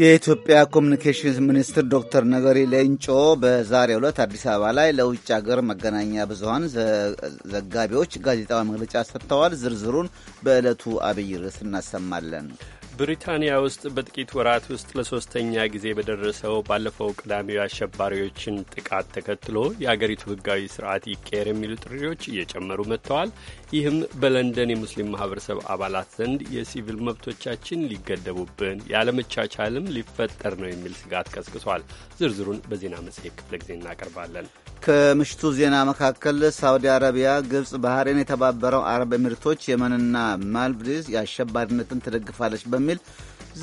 የኢትዮጵያ ኮሚኒኬሽንስ ሚኒስትር ዶክተር ነገሪ ሌንጮ በዛሬ ዕለት አዲስ አበባ ላይ ለውጭ ሀገር መገናኛ ብዙሀን ዘጋቢዎች ጋዜጣዊ መግለጫ ሰጥተዋል። ዝርዝሩን በዕለቱ አብይ ርዕስ እናሰማለን። ብሪታንያ ውስጥ በጥቂት ወራት ውስጥ ለሶስተኛ ጊዜ በደረሰው ባለፈው ቅዳሜው አሸባሪዎችን ጥቃት ተከትሎ የአገሪቱ ሕጋዊ ስርዓት ይቀየር የሚሉ ጥሪዎች እየጨመሩ መጥተዋል። ይህም በለንደን የሙስሊም ማህበረሰብ አባላት ዘንድ የሲቪል መብቶቻችን ሊገደቡብን ያለመቻቻልም ሊፈጠር ነው የሚል ስጋት ቀስቅሷል። ዝርዝሩን በዜና መጽሔት ክፍለ ጊዜ እናቀርባለን። ከምሽቱ ዜና መካከል ሳውዲ አረቢያ፣ ግብፅ፣ ባህሬን፣ የተባበረው አረብ ኤሚሬቶች፣ የመንና ማልዲቭስ የአሸባሪነትን ትደግፋለች በሚል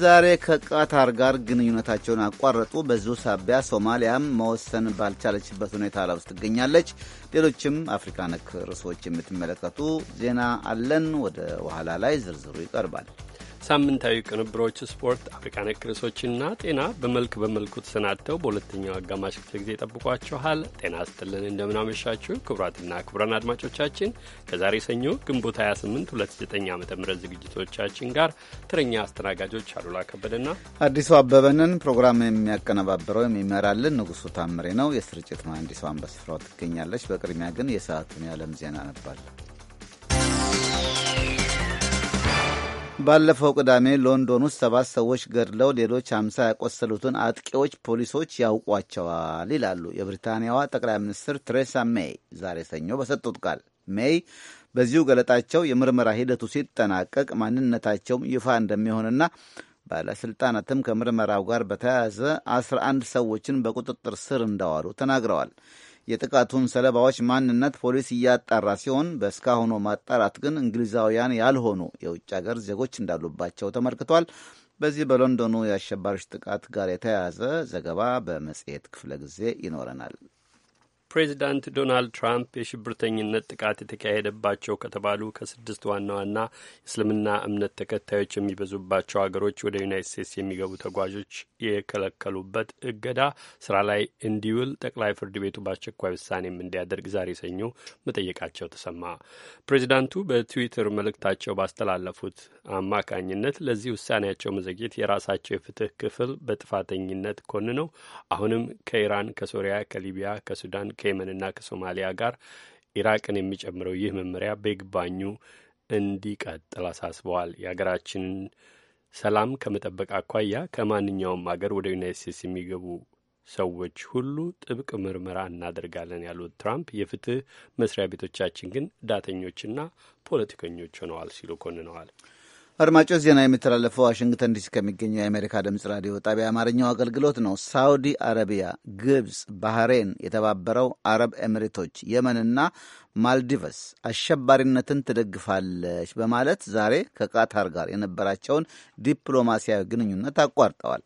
ዛሬ ከቃታር ጋር ግንኙነታቸውን አቋረጡ። በዚሁ ሳቢያ ሶማሊያም መወሰን ባልቻለችበት ሁኔታ ላይ ውስጥ ትገኛለች። ሌሎችም አፍሪካ ነክ ርዕሶች የምትመለከቱ ዜና አለን። ወደ ኋላ ላይ ዝርዝሩ ይቀርባል። ሳምንታዊ ቅንብሮች ስፖርት፣ አፍሪካ ነክ ርዕሶችና ጤና በመልክ በመልኩ ተሰናድተው በሁለተኛው አጋማሽ ክፍለ ጊዜ ጠብቋችኋል። ጤና ይስጥልን፣ እንደምናመሻችሁ ክቡራትና ክቡራን አድማጮቻችን ከዛሬ ሰኞ ግንቦት 28 2009 ዓ ም ዝግጅቶቻችን ጋር ትረኛ አስተናጋጆች አሉላ ከበደና አዲሱ አበበንን ፕሮግራም የሚያቀነባብረው የሚመራልን ንጉሱ ታምሬ ነው። የስርጭት መሐንዲሷ በስፍራው ትገኛለች። በቅድሚያ ግን የሰዓቱን የዓለም ዜና ነባል ባለፈው ቅዳሜ ሎንዶን ውስጥ ሰባት ሰዎች ገድለው ሌሎች ሀምሳ ያቆሰሉትን አጥቂዎች ፖሊሶች ያውቋቸዋል ይላሉ የብሪታንያዋ ጠቅላይ ሚኒስትር ቴሬሳ ሜይ ዛሬ ሰኞ በሰጡት ቃል። ሜይ በዚሁ ገለጣቸው የምርመራ ሂደቱ ሲጠናቀቅ ማንነታቸውም ይፋ እንደሚሆንና ባለስልጣናትም ከምርመራው ጋር በተያያዘ አስራ አንድ ሰዎችን በቁጥጥር ስር እንዳዋሉ ተናግረዋል። የጥቃቱን ሰለባዎች ማንነት ፖሊስ እያጣራ ሲሆን በእስካሁኑ ማጣራት ግን እንግሊዛውያን ያልሆኑ የውጭ ሀገር ዜጎች እንዳሉባቸው ተመልክቷል። በዚህ በሎንዶኑ የአሸባሪዎች ጥቃት ጋር የተያያዘ ዘገባ በመጽሔት ክፍለ ጊዜ ይኖረናል። ፕሬዚዳንት ዶናልድ ትራምፕ የሽብርተኝነት ጥቃት የተካሄደባቸው ከተባሉ ከስድስት ዋና ዋና እስልምና እምነት ተከታዮች የሚበዙባቸው አገሮች ወደ ዩናይት ስቴትስ የሚገቡ ተጓዦች የከለከሉበት እገዳ ስራ ላይ እንዲውል ጠቅላይ ፍርድ ቤቱ በአስቸኳይ ውሳኔም እንዲያደርግ ዛሬ ሰኞ መጠየቃቸው ተሰማ። ፕሬዚዳንቱ በትዊተር መልእክታቸው ባስተላለፉት አማካኝነት ለዚህ ውሳኔያቸው መዘግየት የራሳቸው የፍትህ ክፍል በጥፋተኝነት ኮንነው አሁንም ከኢራን፣ ከሶሪያ፣ ከሊቢያ፣ ከሱዳን ከየመንና ከሶማሊያ ጋር ኢራቅን የሚጨምረው ይህ መመሪያ በይግባኙ እንዲቀጥል አሳስበዋል። የሀገራችንን ሰላም ከመጠበቅ አኳያ ከማንኛውም አገር ወደ ዩናይት ስቴትስ የሚገቡ ሰዎች ሁሉ ጥብቅ ምርመራ እናደርጋለን ያሉት ትራምፕ የፍትህ መስሪያ ቤቶቻችን ግን ዳተኞችና ፖለቲከኞች ሆነዋል ሲሉ ኮንነዋል። አድማጮች ዜና የሚተላለፈው ዋሽንግተን ዲሲ ከሚገኘው የአሜሪካ ድምፅ ራዲዮ ጣቢያ አማርኛው አገልግሎት ነው። ሳውዲ አረቢያ፣ ግብፅ፣ ባህሬን፣ የተባበረው አረብ ኤምሬቶች፣ የመንና ማልዲቨስ አሸባሪነትን ትደግፋለች በማለት ዛሬ ከቃታር ጋር የነበራቸውን ዲፕሎማሲያዊ ግንኙነት አቋርጠዋል።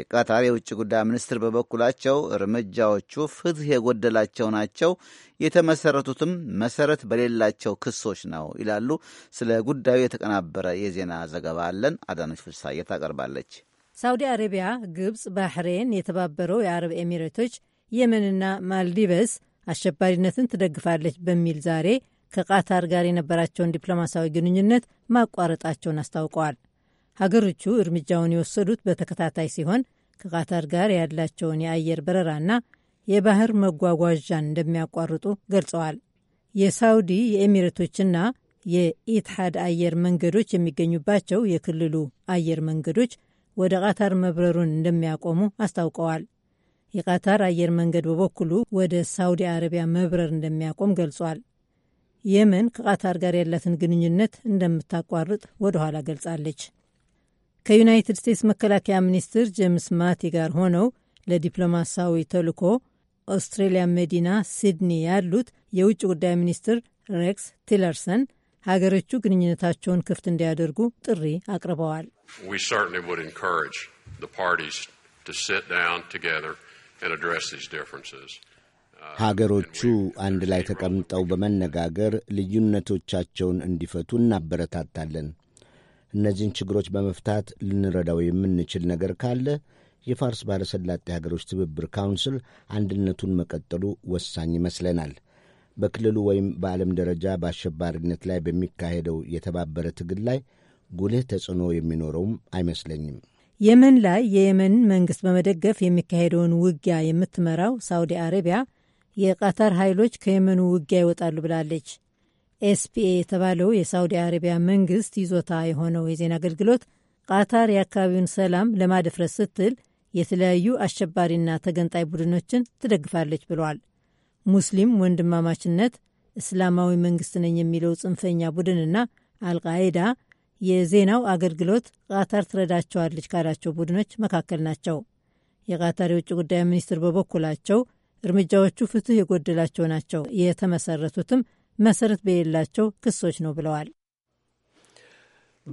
የቃታር የውጭ ጉዳይ ሚኒስትር በበኩላቸው እርምጃዎቹ ፍትህ የጎደላቸው ናቸው፣ የተመሰረቱትም መሰረት በሌላቸው ክሶች ነው ይላሉ። ስለ ጉዳዩ የተቀናበረ የዜና ዘገባ አለን። አዳነች ፍሳዬ ታቀርባለች። ሳውዲ አረቢያ፣ ግብፅ፣ ባህሬን፣ የተባበረው የአረብ ኤሚሬቶች፣ የመንና ማልዲበስ አሸባሪነትን ትደግፋለች በሚል ዛሬ ከቃታር ጋር የነበራቸውን ዲፕሎማሲያዊ ግንኙነት ማቋረጣቸውን አስታውቀዋል። ሀገሮቹ እርምጃውን የወሰዱት በተከታታይ ሲሆን ከቃታር ጋር ያላቸውን የአየር በረራና የባህር መጓጓዣን እንደሚያቋርጡ ገልጸዋል። የሳውዲ የኤሚሬቶችና የኢትሓድ አየር መንገዶች የሚገኙባቸው የክልሉ አየር መንገዶች ወደ ቃታር መብረሩን እንደሚያቆሙ አስታውቀዋል። የቃታር አየር መንገድ በበኩሉ ወደ ሳውዲ አረቢያ መብረር እንደሚያቆም ገልጿል። የመን ከቃታር ጋር ያላትን ግንኙነት እንደምታቋርጥ ወደ ኋላ ገልጻለች። ከዩናይትድ ስቴትስ መከላከያ ሚኒስትር ጄምስ ማቲ ጋር ሆነው ለዲፕሎማሲያዊ ተልኮ ኦስትሬሊያ መዲና ሲድኒ ያሉት የውጭ ጉዳይ ሚኒስትር ሬክስ ቲለርሰን ሀገሮቹ ግንኙነታቸውን ክፍት እንዲያደርጉ ጥሪ አቅርበዋል። uh, ሀገሮቹ አንድ ላይ ተቀምጠው በመነጋገር ልዩነቶቻቸውን እንዲፈቱ እናበረታታለን። እነዚህን ችግሮች በመፍታት ልንረዳው የምንችል ነገር ካለ የፋርስ ባለሰላጤ ሀገሮች ትብብር ካውንስል አንድነቱን መቀጠሉ ወሳኝ ይመስለናል። በክልሉ ወይም በዓለም ደረጃ በአሸባሪነት ላይ በሚካሄደው የተባበረ ትግል ላይ ጉልህ ተጽዕኖ የሚኖረውም አይመስለኝም። የመን ላይ የየመን መንግስት በመደገፍ የሚካሄደውን ውጊያ የምትመራው ሳውዲ አረቢያ የቃታር ኃይሎች ከየመኑ ውጊያ ይወጣሉ ብላለች። ኤስፒኤ የተባለው የሳውዲ አረቢያ መንግስት ይዞታ የሆነው የዜና አገልግሎት ቃታር የአካባቢውን ሰላም ለማደፍረስ ስትል የተለያዩ አሸባሪና ተገንጣይ ቡድኖችን ትደግፋለች ብሏል። ሙስሊም ወንድማማችነት፣ እስላማዊ መንግስት ነኝ የሚለው ጽንፈኛ ቡድንና አልቃይዳ የዜናው አገልግሎት ቃታር ትረዳቸዋለች ካላቸው ቡድኖች መካከል ናቸው። የቃታር የውጭ ጉዳይ ሚኒስትር በበኩላቸው እርምጃዎቹ ፍትህ የጎደላቸው ናቸው የተመሰረቱትም መሰረት በሌላቸው ክሶች ነው ብለዋል።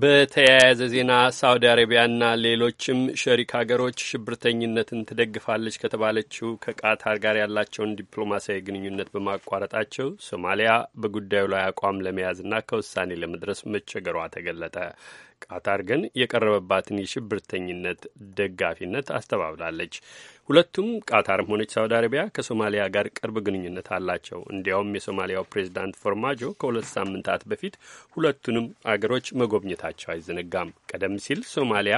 በተያያዘ ዜና ሳውዲ አረቢያና ሌሎችም ሸሪክ ሀገሮች ሽብርተኝነትን ትደግፋለች ከተባለችው ከቃታር ጋር ያላቸውን ዲፕሎማሲያዊ ግንኙነት በማቋረጣቸው ሶማሊያ በጉዳዩ ላይ አቋም ለመያዝና ከውሳኔ ለመድረስ መቸገሯ ተገለጠ። ቃታር ግን የቀረበባትን የሽብርተኝነት ደጋፊነት አስተባብላለች። ሁለቱም ቃታርም ሆነች ሳውዲ አረቢያ ከሶማሊያ ጋር ቅርብ ግንኙነት አላቸው። እንዲያውም የሶማሊያው ፕሬዚዳንት ፎርማጆ ከሁለት ሳምንታት በፊት ሁለቱንም አገሮች መጎብኘታቸው አይዘነጋም። ቀደም ሲል ሶማሊያ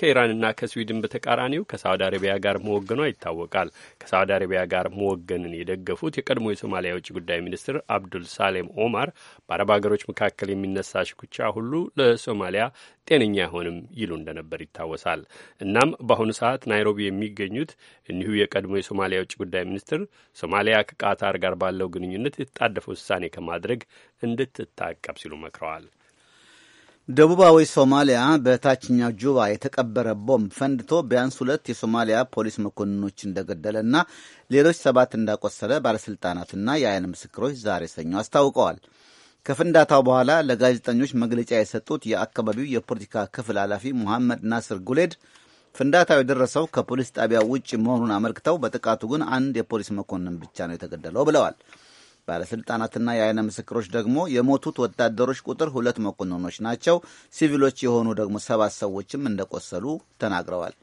ከኢራንና ከስዊድን በተቃራኒው ከሳውዲ አረቢያ ጋር መወገኗ ይታወቃል። ከሳውዲ አረቢያ ጋር መወገንን የደገፉት የቀድሞ የሶማሊያ የውጭ ጉዳይ ሚኒስትር አብዱል ሳሌም ኦማር በአረብ ሀገሮች መካከል የሚነሳ ሽኩቻ ሁሉ ለሶማሊያ ጤነኛ አይሆንም ይሉ እንደነበር ይታወሳል። እናም በአሁኑ ሰዓት ናይሮቢ የሚገኙት እኒሁ የቀድሞ የሶማሊያ የውጭ ጉዳይ ሚኒስትር ሶማሊያ ከቃታር ጋር ባለው ግንኙነት የተጣደፈ ውሳኔ ከማድረግ እንድትታቀብ ሲሉ መክረዋል። ደቡባዊ ሶማሊያ በታችኛው ጁባ የተቀበረ ቦምብ ፈንድቶ ቢያንስ ሁለት የሶማሊያ ፖሊስ መኮንኖች እንደገደለና ሌሎች ሰባት እንዳቆሰለ ባለሥልጣናትና የአይን ምስክሮች ዛሬ ሰኞ አስታውቀዋል። ከፍንዳታው በኋላ ለጋዜጠኞች መግለጫ የሰጡት የአካባቢው የፖለቲካ ክፍል ኃላፊ ሙሐመድ ናስር ጉሌድ ፍንዳታው የደረሰው ከፖሊስ ጣቢያ ውጭ መሆኑን አመልክተው በጥቃቱ ግን አንድ የፖሊስ መኮንን ብቻ ነው የተገደለው ብለዋል። ባለስልጣናትና የአይነ ምስክሮች ደግሞ የሞቱት ወታደሮች ቁጥር ሁለት መኮንኖች ናቸው፣ ሲቪሎች የሆኑ ደግሞ ሰባት ሰዎችም እንደቆሰሉ ተናግረዋል።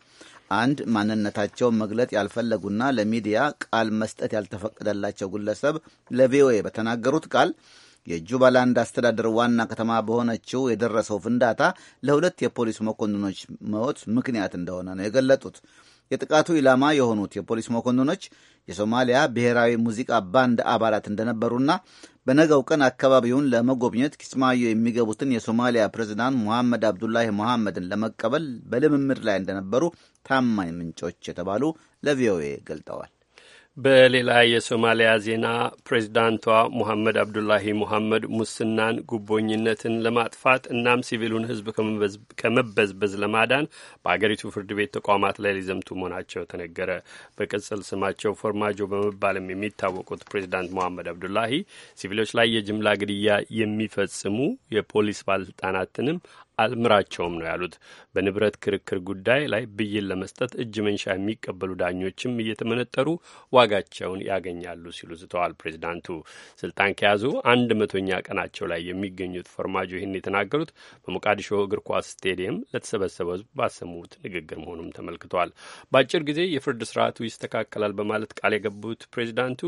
አንድ ማንነታቸውን መግለጥ ያልፈለጉና ለሚዲያ ቃል መስጠት ያልተፈቀደላቸው ግለሰብ ለቪኦኤ በተናገሩት ቃል የጁባላንድ አስተዳደር ዋና ከተማ በሆነችው የደረሰው ፍንዳታ ለሁለት የፖሊስ መኮንኖች መወት ምክንያት እንደሆነ ነው የገለጡት። የጥቃቱ ኢላማ የሆኑት የፖሊስ መኮንኖች የሶማሊያ ብሔራዊ ሙዚቃ ባንድ አባላት እንደነበሩና በነገው ቀን አካባቢውን ለመጎብኘት ኪስማዮ የሚገቡትን የሶማሊያ ፕሬዚዳንት ሙሐመድ አብዱላሂ መሐመድን ለመቀበል በልምምድ ላይ እንደነበሩ ታማኝ ምንጮች የተባሉ ለቪኦኤ ገልጠዋል። በሌላ የሶማሊያ ዜና ፕሬዚዳንቷ ሙሐመድ አብዱላሂ ሙሐመድ ሙስናን፣ ጉቦኝነትን ለማጥፋት እናም ሲቪሉን ሕዝብ ከመበዝበዝ ለማዳን በአገሪቱ ፍርድ ቤት ተቋማት ላይ ሊዘምቱ መሆናቸው ተነገረ። በቅጽል ስማቸው ፎርማጆ በመባልም የሚታወቁት ፕሬዚዳንት ሙሐመድ አብዱላሂ ሲቪሎች ላይ የጅምላ ግድያ የሚፈጽሙ የፖሊስ ባለስልጣናትንም አልምራቸውም ነው ያሉት። በንብረት ክርክር ጉዳይ ላይ ብይን ለመስጠት እጅ መንሻ የሚቀበሉ ዳኞችም እየተመነጠሩ ዋጋቸውን ያገኛሉ ሲሉ ዝተዋል። ፕሬዚዳንቱ ስልጣን ከያዙ አንድ መቶኛ ቀናቸው ላይ የሚገኙት ፎርማጆ ይህን የተናገሩት በሞቃዲሾ እግር ኳስ ስቴዲየም ለተሰበሰበ ሕዝብ ባሰሙት ንግግር መሆኑም ተመልክቷል። በአጭር ጊዜ የፍርድ ስርዓቱ ይስተካከላል በማለት ቃል የገቡት ፕሬዚዳንቱ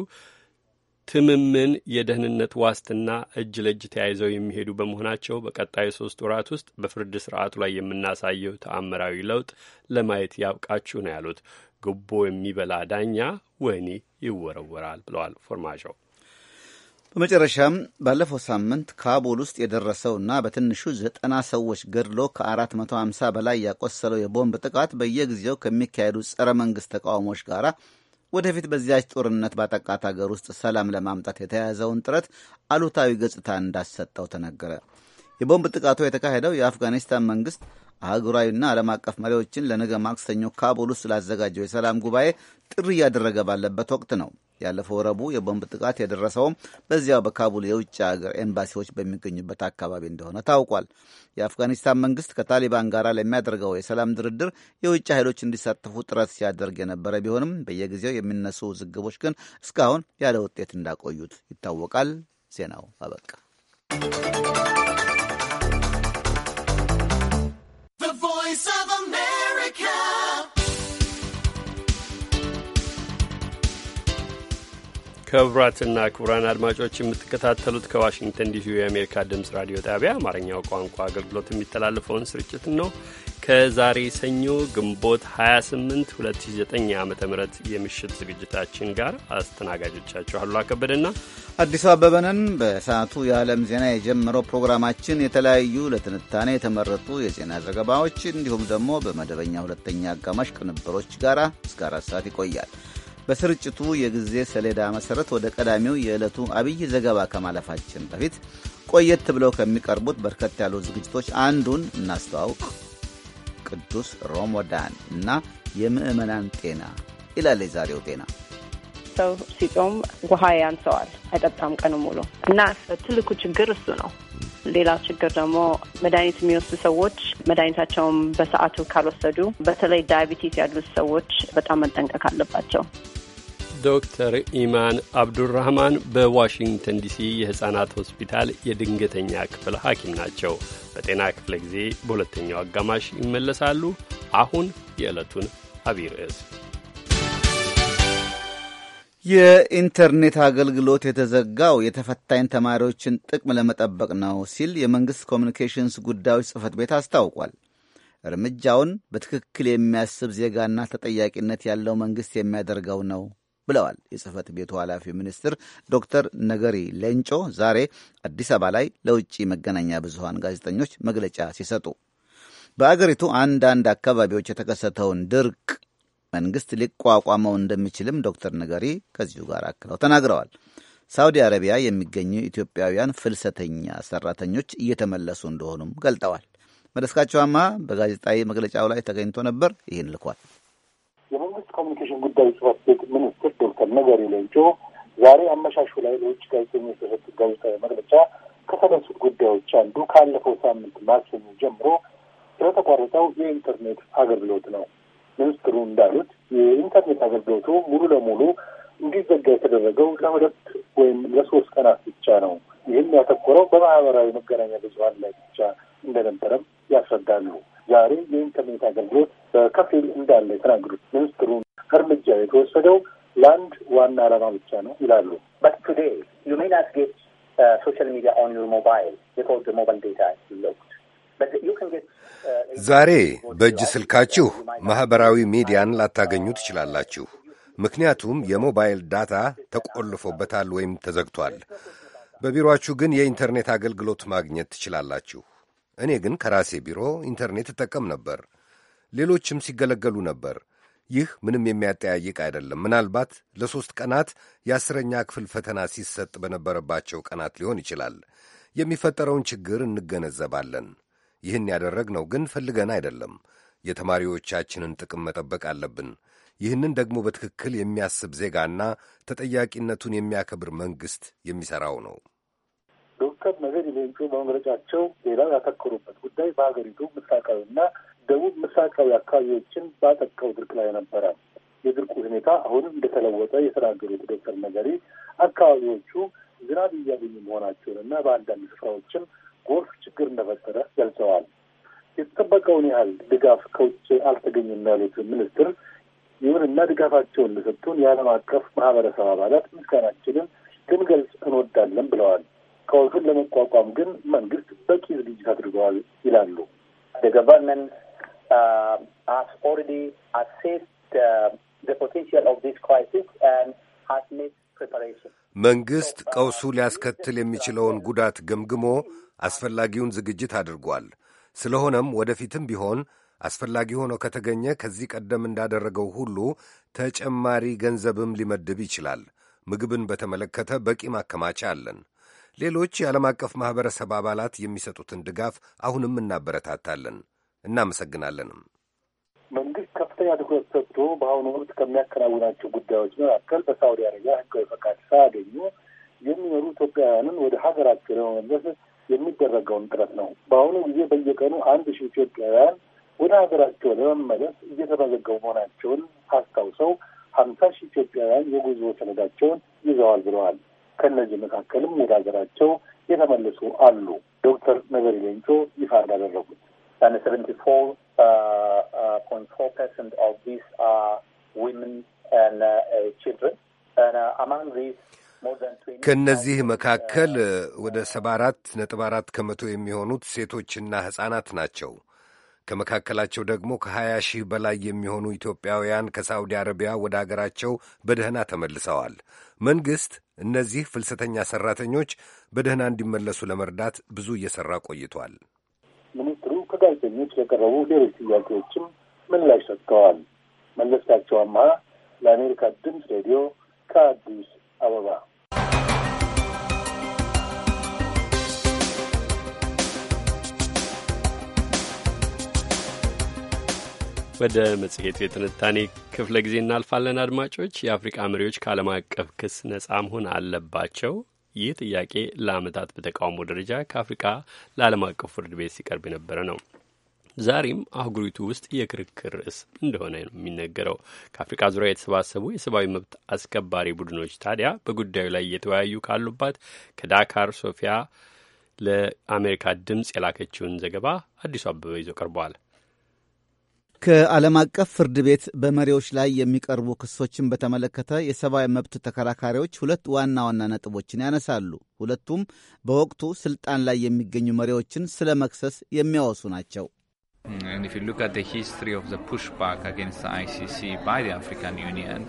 ትምምን የደህንነት ዋስትና እጅ ለእጅ ተያይዘው የሚሄዱ በመሆናቸው በቀጣዩ ሶስት ወራት ውስጥ በፍርድ ስርዓቱ ላይ የምናሳየው ተአምራዊ ለውጥ ለማየት ያብቃችሁ ነው ያሉት። ጉቦ የሚበላ ዳኛ ወህኒ ይወረወራል ብለዋል ፎርማቸው። በመጨረሻም ባለፈው ሳምንት ካቡል ውስጥ የደረሰውና በትንሹ ዘጠና ሰዎች ገድሎ ከ450 በላይ ያቆሰለው የቦምብ ጥቃት በየጊዜው ከሚካሄዱ ጸረ መንግሥት ተቃውሞዎች ጋር ወደፊት በዚያች ጦርነት ባጠቃት አገር ውስጥ ሰላም ለማምጣት የተያያዘውን ጥረት አሉታዊ ገጽታ እንዳሰጠው ተነገረ። የቦምብ ጥቃቱ የተካሄደው የአፍጋኒስታን መንግስት አህጉራዊና ዓለም አቀፍ መሪዎችን ለነገ ማክሰኞ ካቡል ውስጥ ላዘጋጀው የሰላም ጉባኤ ጥሪ እያደረገ ባለበት ወቅት ነው። ያለፈው ረቡዕ የቦምብ ጥቃት የደረሰውም በዚያው በካቡል የውጭ ሀገር ኤምባሲዎች በሚገኙበት አካባቢ እንደሆነ ታውቋል። የአፍጋኒስታን መንግስት ከታሊባን ጋር ለሚያደርገው የሰላም ድርድር የውጭ ኃይሎች እንዲሳተፉ ጥረት ሲያደርግ የነበረ ቢሆንም በየጊዜው የሚነሱ ውዝግቦች ግን እስካሁን ያለ ውጤት እንዳቆዩት ይታወቃል። ዜናው አበቃ። ክቡራትና ክቡራን አድማጮች የምትከታተሉት ከዋሽንግተን ዲሲ የአሜሪካ ድምፅ ራዲዮ ጣቢያ አማርኛው ቋንቋ አገልግሎት የሚተላለፈውን ስርጭት ነው። ከዛሬ ሰኞ ግንቦት 28 2009 ዓ ም የምሽት ዝግጅታችን ጋር አስተናጋጆቻችሁ አሉላ ከበደና አዲሱ አበበንን በሰዓቱ የዓለም ዜና የጀመረው ፕሮግራማችን የተለያዩ ለትንታኔ የተመረጡ የዜና ዘገባዎች እንዲሁም ደግሞ በመደበኛ ሁለተኛ አጋማሽ ቅንብሮች ጋር እስከ አራት ሰዓት ይቆያል። በስርጭቱ የጊዜ ሰሌዳ መሰረት ወደ ቀዳሚው የዕለቱ አብይ ዘገባ ከማለፋችን በፊት ቆየት ብለው ከሚቀርቡት በርከት ያሉ ዝግጅቶች አንዱን እናስተዋውቅ። ቅዱስ ሮሞዳን እና የምዕመናን ጤና ይላል የዛሬው ጤና ሰው ሲጾም ውሃ ያንሰዋል፣ አይጠጣም ቀኑ ሙሉ እና ትልቁ ችግር እሱ ነው። ሌላ ችግር ደግሞ መድኃኒት የሚወስዱ ሰዎች መድኃኒታቸውን በሰዓቱ ካልወሰዱ፣ በተለይ ዳያቢቲስ ያሉት ሰዎች በጣም መጠንቀቅ አለባቸው። ዶክተር ኢማን አብዱራህማን በዋሽንግተን ዲሲ የሕፃናት ሆስፒታል የድንገተኛ ክፍል ሐኪም ናቸው። በጤና ክፍለ ጊዜ በሁለተኛው አጋማሽ ይመለሳሉ። አሁን የዕለቱን አብይ ርዕስ የኢንተርኔት አገልግሎት የተዘጋው የተፈታኝ ተማሪዎችን ጥቅም ለመጠበቅ ነው ሲል የመንግሥት ኮሚኒኬሽንስ ጉዳዮች ጽህፈት ቤት አስታውቋል። እርምጃውን በትክክል የሚያስብ ዜጋና ተጠያቂነት ያለው መንግሥት የሚያደርገው ነው ብለዋል። የጽህፈት ቤቱ ኃላፊ ሚኒስትር ዶክተር ነገሪ ሌንጮ ዛሬ አዲስ አበባ ላይ ለውጭ መገናኛ ብዙሃን ጋዜጠኞች መግለጫ ሲሰጡ በአገሪቱ አንዳንድ አካባቢዎች የተከሰተውን ድርቅ መንግስት ሊቋቋመው እንደሚችልም ዶክተር ነገሪ ከዚሁ ጋር አክለው ተናግረዋል። ሳውዲ አረቢያ የሚገኙ ኢትዮጵያውያን ፍልሰተኛ ሰራተኞች እየተመለሱ እንደሆኑም ገልጠዋል። መለስካቸዋማ በጋዜጣዊ መግለጫው ላይ ተገኝቶ ነበር። ይህን ልኳል። የመንግስት ኮሚኒኬሽን ጉዳይ ጽሕፈት ቤት ሚኒስትር ዶክተር ነገሪ ሌንጮ ዛሬ አመሻሹ ላይ ለውጭ ጋዜጠኞች የሰጡት ጋዜጣዊ መግለጫ ከተነሱት ጉዳዮች አንዱ ካለፈው ሳምንት ማክሰኞ ጀምሮ ስለተቋረጠው የኢንተርኔት አገልግሎት ነው። ሚኒስትሩ እንዳሉት የኢንተርኔት አገልግሎቱ ሙሉ ለሙሉ እንዲዘጋ የተደረገው ለሁለት ወይም ለሶስት ቀናት ብቻ ነው። ይህም ያተኮረው በማህበራዊ መገናኛ ብዙኃን ላይ ብቻ እንደነበረም ያስረዳሉ። ዛሬ የኢንተርኔት አገልግሎት በከፊል እንዳለ የተናገሩት ሚኒስትሩ እርምጃ የተወሰደው ለአንድ ዋና ዓላማ ብቻ ነው ይላሉ። ሶሻል ሚዲያ ኦን ዮር ሞባይል ሞባይል ዴታ ዛሬ በእጅ ስልካችሁ ማኅበራዊ ሚዲያን ላታገኙ ትችላላችሁ። ምክንያቱም የሞባይል ዳታ ተቆልፎበታል ወይም ተዘግቷል። በቢሮአችሁ ግን የኢንተርኔት አገልግሎት ማግኘት ትችላላችሁ። እኔ ግን ከራሴ ቢሮ ኢንተርኔት እጠቀም ነበር፣ ሌሎችም ሲገለገሉ ነበር። ይህ ምንም የሚያጠያይቅ አይደለም። ምናልባት ለሦስት ቀናት የአስረኛ ክፍል ፈተና ሲሰጥ በነበረባቸው ቀናት ሊሆን ይችላል። የሚፈጠረውን ችግር እንገነዘባለን። ይህን ያደረግነው ግን ፈልገን አይደለም። የተማሪዎቻችንን ጥቅም መጠበቅ አለብን። ይህንን ደግሞ በትክክል የሚያስብ ዜጋና ተጠያቂነቱን የሚያከብር መንግስት የሚሰራው ነው። ዶክተር ነገሪ ሌንጮ በመግለጫቸው ሌላው ያተኮሩበት ጉዳይ በሀገሪቱ ምስራቃዊና ደቡብ ምስራቃዊ አካባቢዎችን ባጠቃው ድርቅ ላይ ነበረ። የድርቁ ሁኔታ አሁንም እንደተለወጠ የተናገሩት ዶክተር ነገሪ አካባቢዎቹ ዝናብ እያገኙ መሆናቸውን እና በአንዳንድ ስፍራዎችም ጎርፍ ችግር እንደፈጠረ ገልጸዋል። የተጠበቀውን ያህል ድጋፍ ከውጭ አልተገኘም ያሉት ሚኒስትር፣ ይሁንና ድጋፋቸውን ለሰጡን የዓለም አቀፍ ማህበረሰብ አባላት ምስጋናችንን ልንገልጽ እንወዳለን ብለዋል። ቀውሱን ለመቋቋም ግን መንግስት በቂ ዝግጅት አድርገዋል ይላሉ። uh, መንግስት ቀውሱ ሊያስከትል የሚችለውን ጉዳት ገምግሞ አስፈላጊውን ዝግጅት አድርጓል። ስለሆነም ወደፊትም ቢሆን አስፈላጊ ሆኖ ከተገኘ ከዚህ ቀደም እንዳደረገው ሁሉ ተጨማሪ ገንዘብም ሊመድብ ይችላል። ምግብን በተመለከተ በቂ ማከማቻ አለን። ሌሎች የዓለም አቀፍ ማኅበረሰብ አባላት የሚሰጡትን ድጋፍ አሁንም እናበረታታለን። እናመሰግናለንም። መንግስት ከፍተኛ ትኩረት ሰጥቶ በአሁኑ ወቅት ከሚያከናውናቸው ጉዳዮች መካከል በሳውዲ አረቢያ ሕጋዊ ፈቃድ ሳያገኙ የሚኖሩ ኢትዮጵያውያንን ወደ ሀገራቸው ለመመለስ የሚደረገውን ጥረት ነው። በአሁኑ ጊዜ በየቀኑ አንድ ሺህ ኢትዮጵያውያን ወደ ሀገራቸው ለመመለስ እየተመዘገቡ መሆናቸውን አስታውሰው ሀምሳ ሺህ ኢትዮጵያውያን የጉዞ ሰነዳቸውን ይዘዋል ብለዋል። ከእነዚህ መካከልም ወደ ሀገራቸው የተመለሱ አሉ። ዶክተር ነገሪ ሌንጮ ይፋ እንዳደረጉት ከእነዚህ መካከል ወደ ሰባ አራት ነጥብ አራት ከመቶ የሚሆኑት ሴቶችና ሕፃናት ናቸው። ከመካከላቸው ደግሞ ከሀያ ሺህ በላይ የሚሆኑ ኢትዮጵያውያን ከሳዑዲ አረቢያ ወደ አገራቸው በደህና ተመልሰዋል። መንግሥት እነዚህ ፍልሰተኛ ሠራተኞች በደህና እንዲመለሱ ለመርዳት ብዙ እየሠራ ቆይቷል። ሚኒስትሩ ከጋዜጠኞች ለቀረቡ ሌሎች ጥያቄዎችም ምላሽ ሰጥተዋል። መለስካቸው አማሃ ለአሜሪካ ድምፅ ሬዲዮ ከአዲስ አበባ ወደ መጽሔት የትንታኔ ክፍለ ጊዜ እናልፋለን። አድማጮች፣ የአፍሪቃ መሪዎች ከዓለም አቀፍ ክስ ነጻ መሆን አለባቸው። ይህ ጥያቄ ለዓመታት በተቃውሞ ደረጃ ከአፍሪቃ ለዓለም አቀፍ ፍርድ ቤት ሲቀርብ የነበረ ነው። ዛሬም አህጉሪቱ ውስጥ የክርክር ርዕስ እንደሆነ ነው የሚነገረው። ከአፍሪካ ዙሪያ የተሰባሰቡ የሰብአዊ መብት አስከባሪ ቡድኖች ታዲያ በጉዳዩ ላይ እየተወያዩ ካሉባት ከዳካር ሶፊያ ለአሜሪካ ድምፅ የላከችውን ዘገባ አዲሱ አበበ ይዞ ቀርበዋል። ከዓለም አቀፍ ፍርድ ቤት በመሪዎች ላይ የሚቀርቡ ክሶችን በተመለከተ የሰብአዊ መብት ተከራካሪዎች ሁለት ዋና ዋና ነጥቦችን ያነሳሉ። ሁለቱም በወቅቱ ስልጣን ላይ የሚገኙ መሪዎችን ስለ መክሰስ የሚያወሱ ናቸው። Mm, and if you look at the history of the pushback against the ICC by the African Union,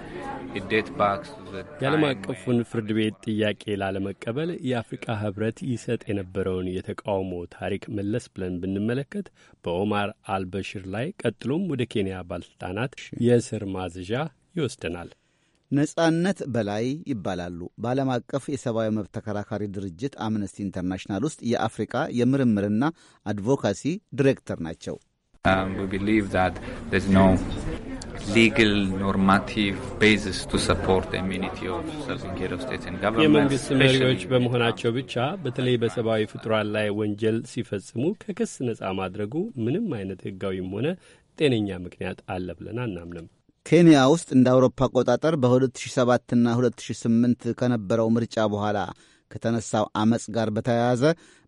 it dates back to the የዓለም አቀፉን ፍርድ ቤት ጥያቄ ላለመቀበል የአፍሪካ ህብረት ይሰጥ የነበረውን የተቃውሞ ታሪክ መለስ ብለን ብንመለከት በኦማር አልበሽር ላይ ቀጥሎም ወደ ኬንያ ባለስልጣናት የእስር ማዘዣ ይወስደናል። ነጻነት በላይ ይባላሉ። በዓለም አቀፍ የሰብአዊ መብት ተከራካሪ ድርጅት አምነስቲ ኢንተርናሽናል ውስጥ የአፍሪካ የምርምርና አድቮካሲ ዲሬክተር ናቸው። um, የመንግስት መሪዎች በመሆናቸው ብቻ በተለይ በሰብአዊ ፍጡራን ላይ ወንጀል ሲፈጽሙ ከክስ ነጻ ማድረጉ ምንም አይነት ህጋዊም ሆነ ጤነኛ ምክንያት አለ ብለን አናምንም። ኬንያ ውስጥ እንደ አውሮፓ አቆጣጠር በ2007ና 2008 ከነበረው ምርጫ በኋላ ከተነሳው አመፅ ጋር በተያያዘ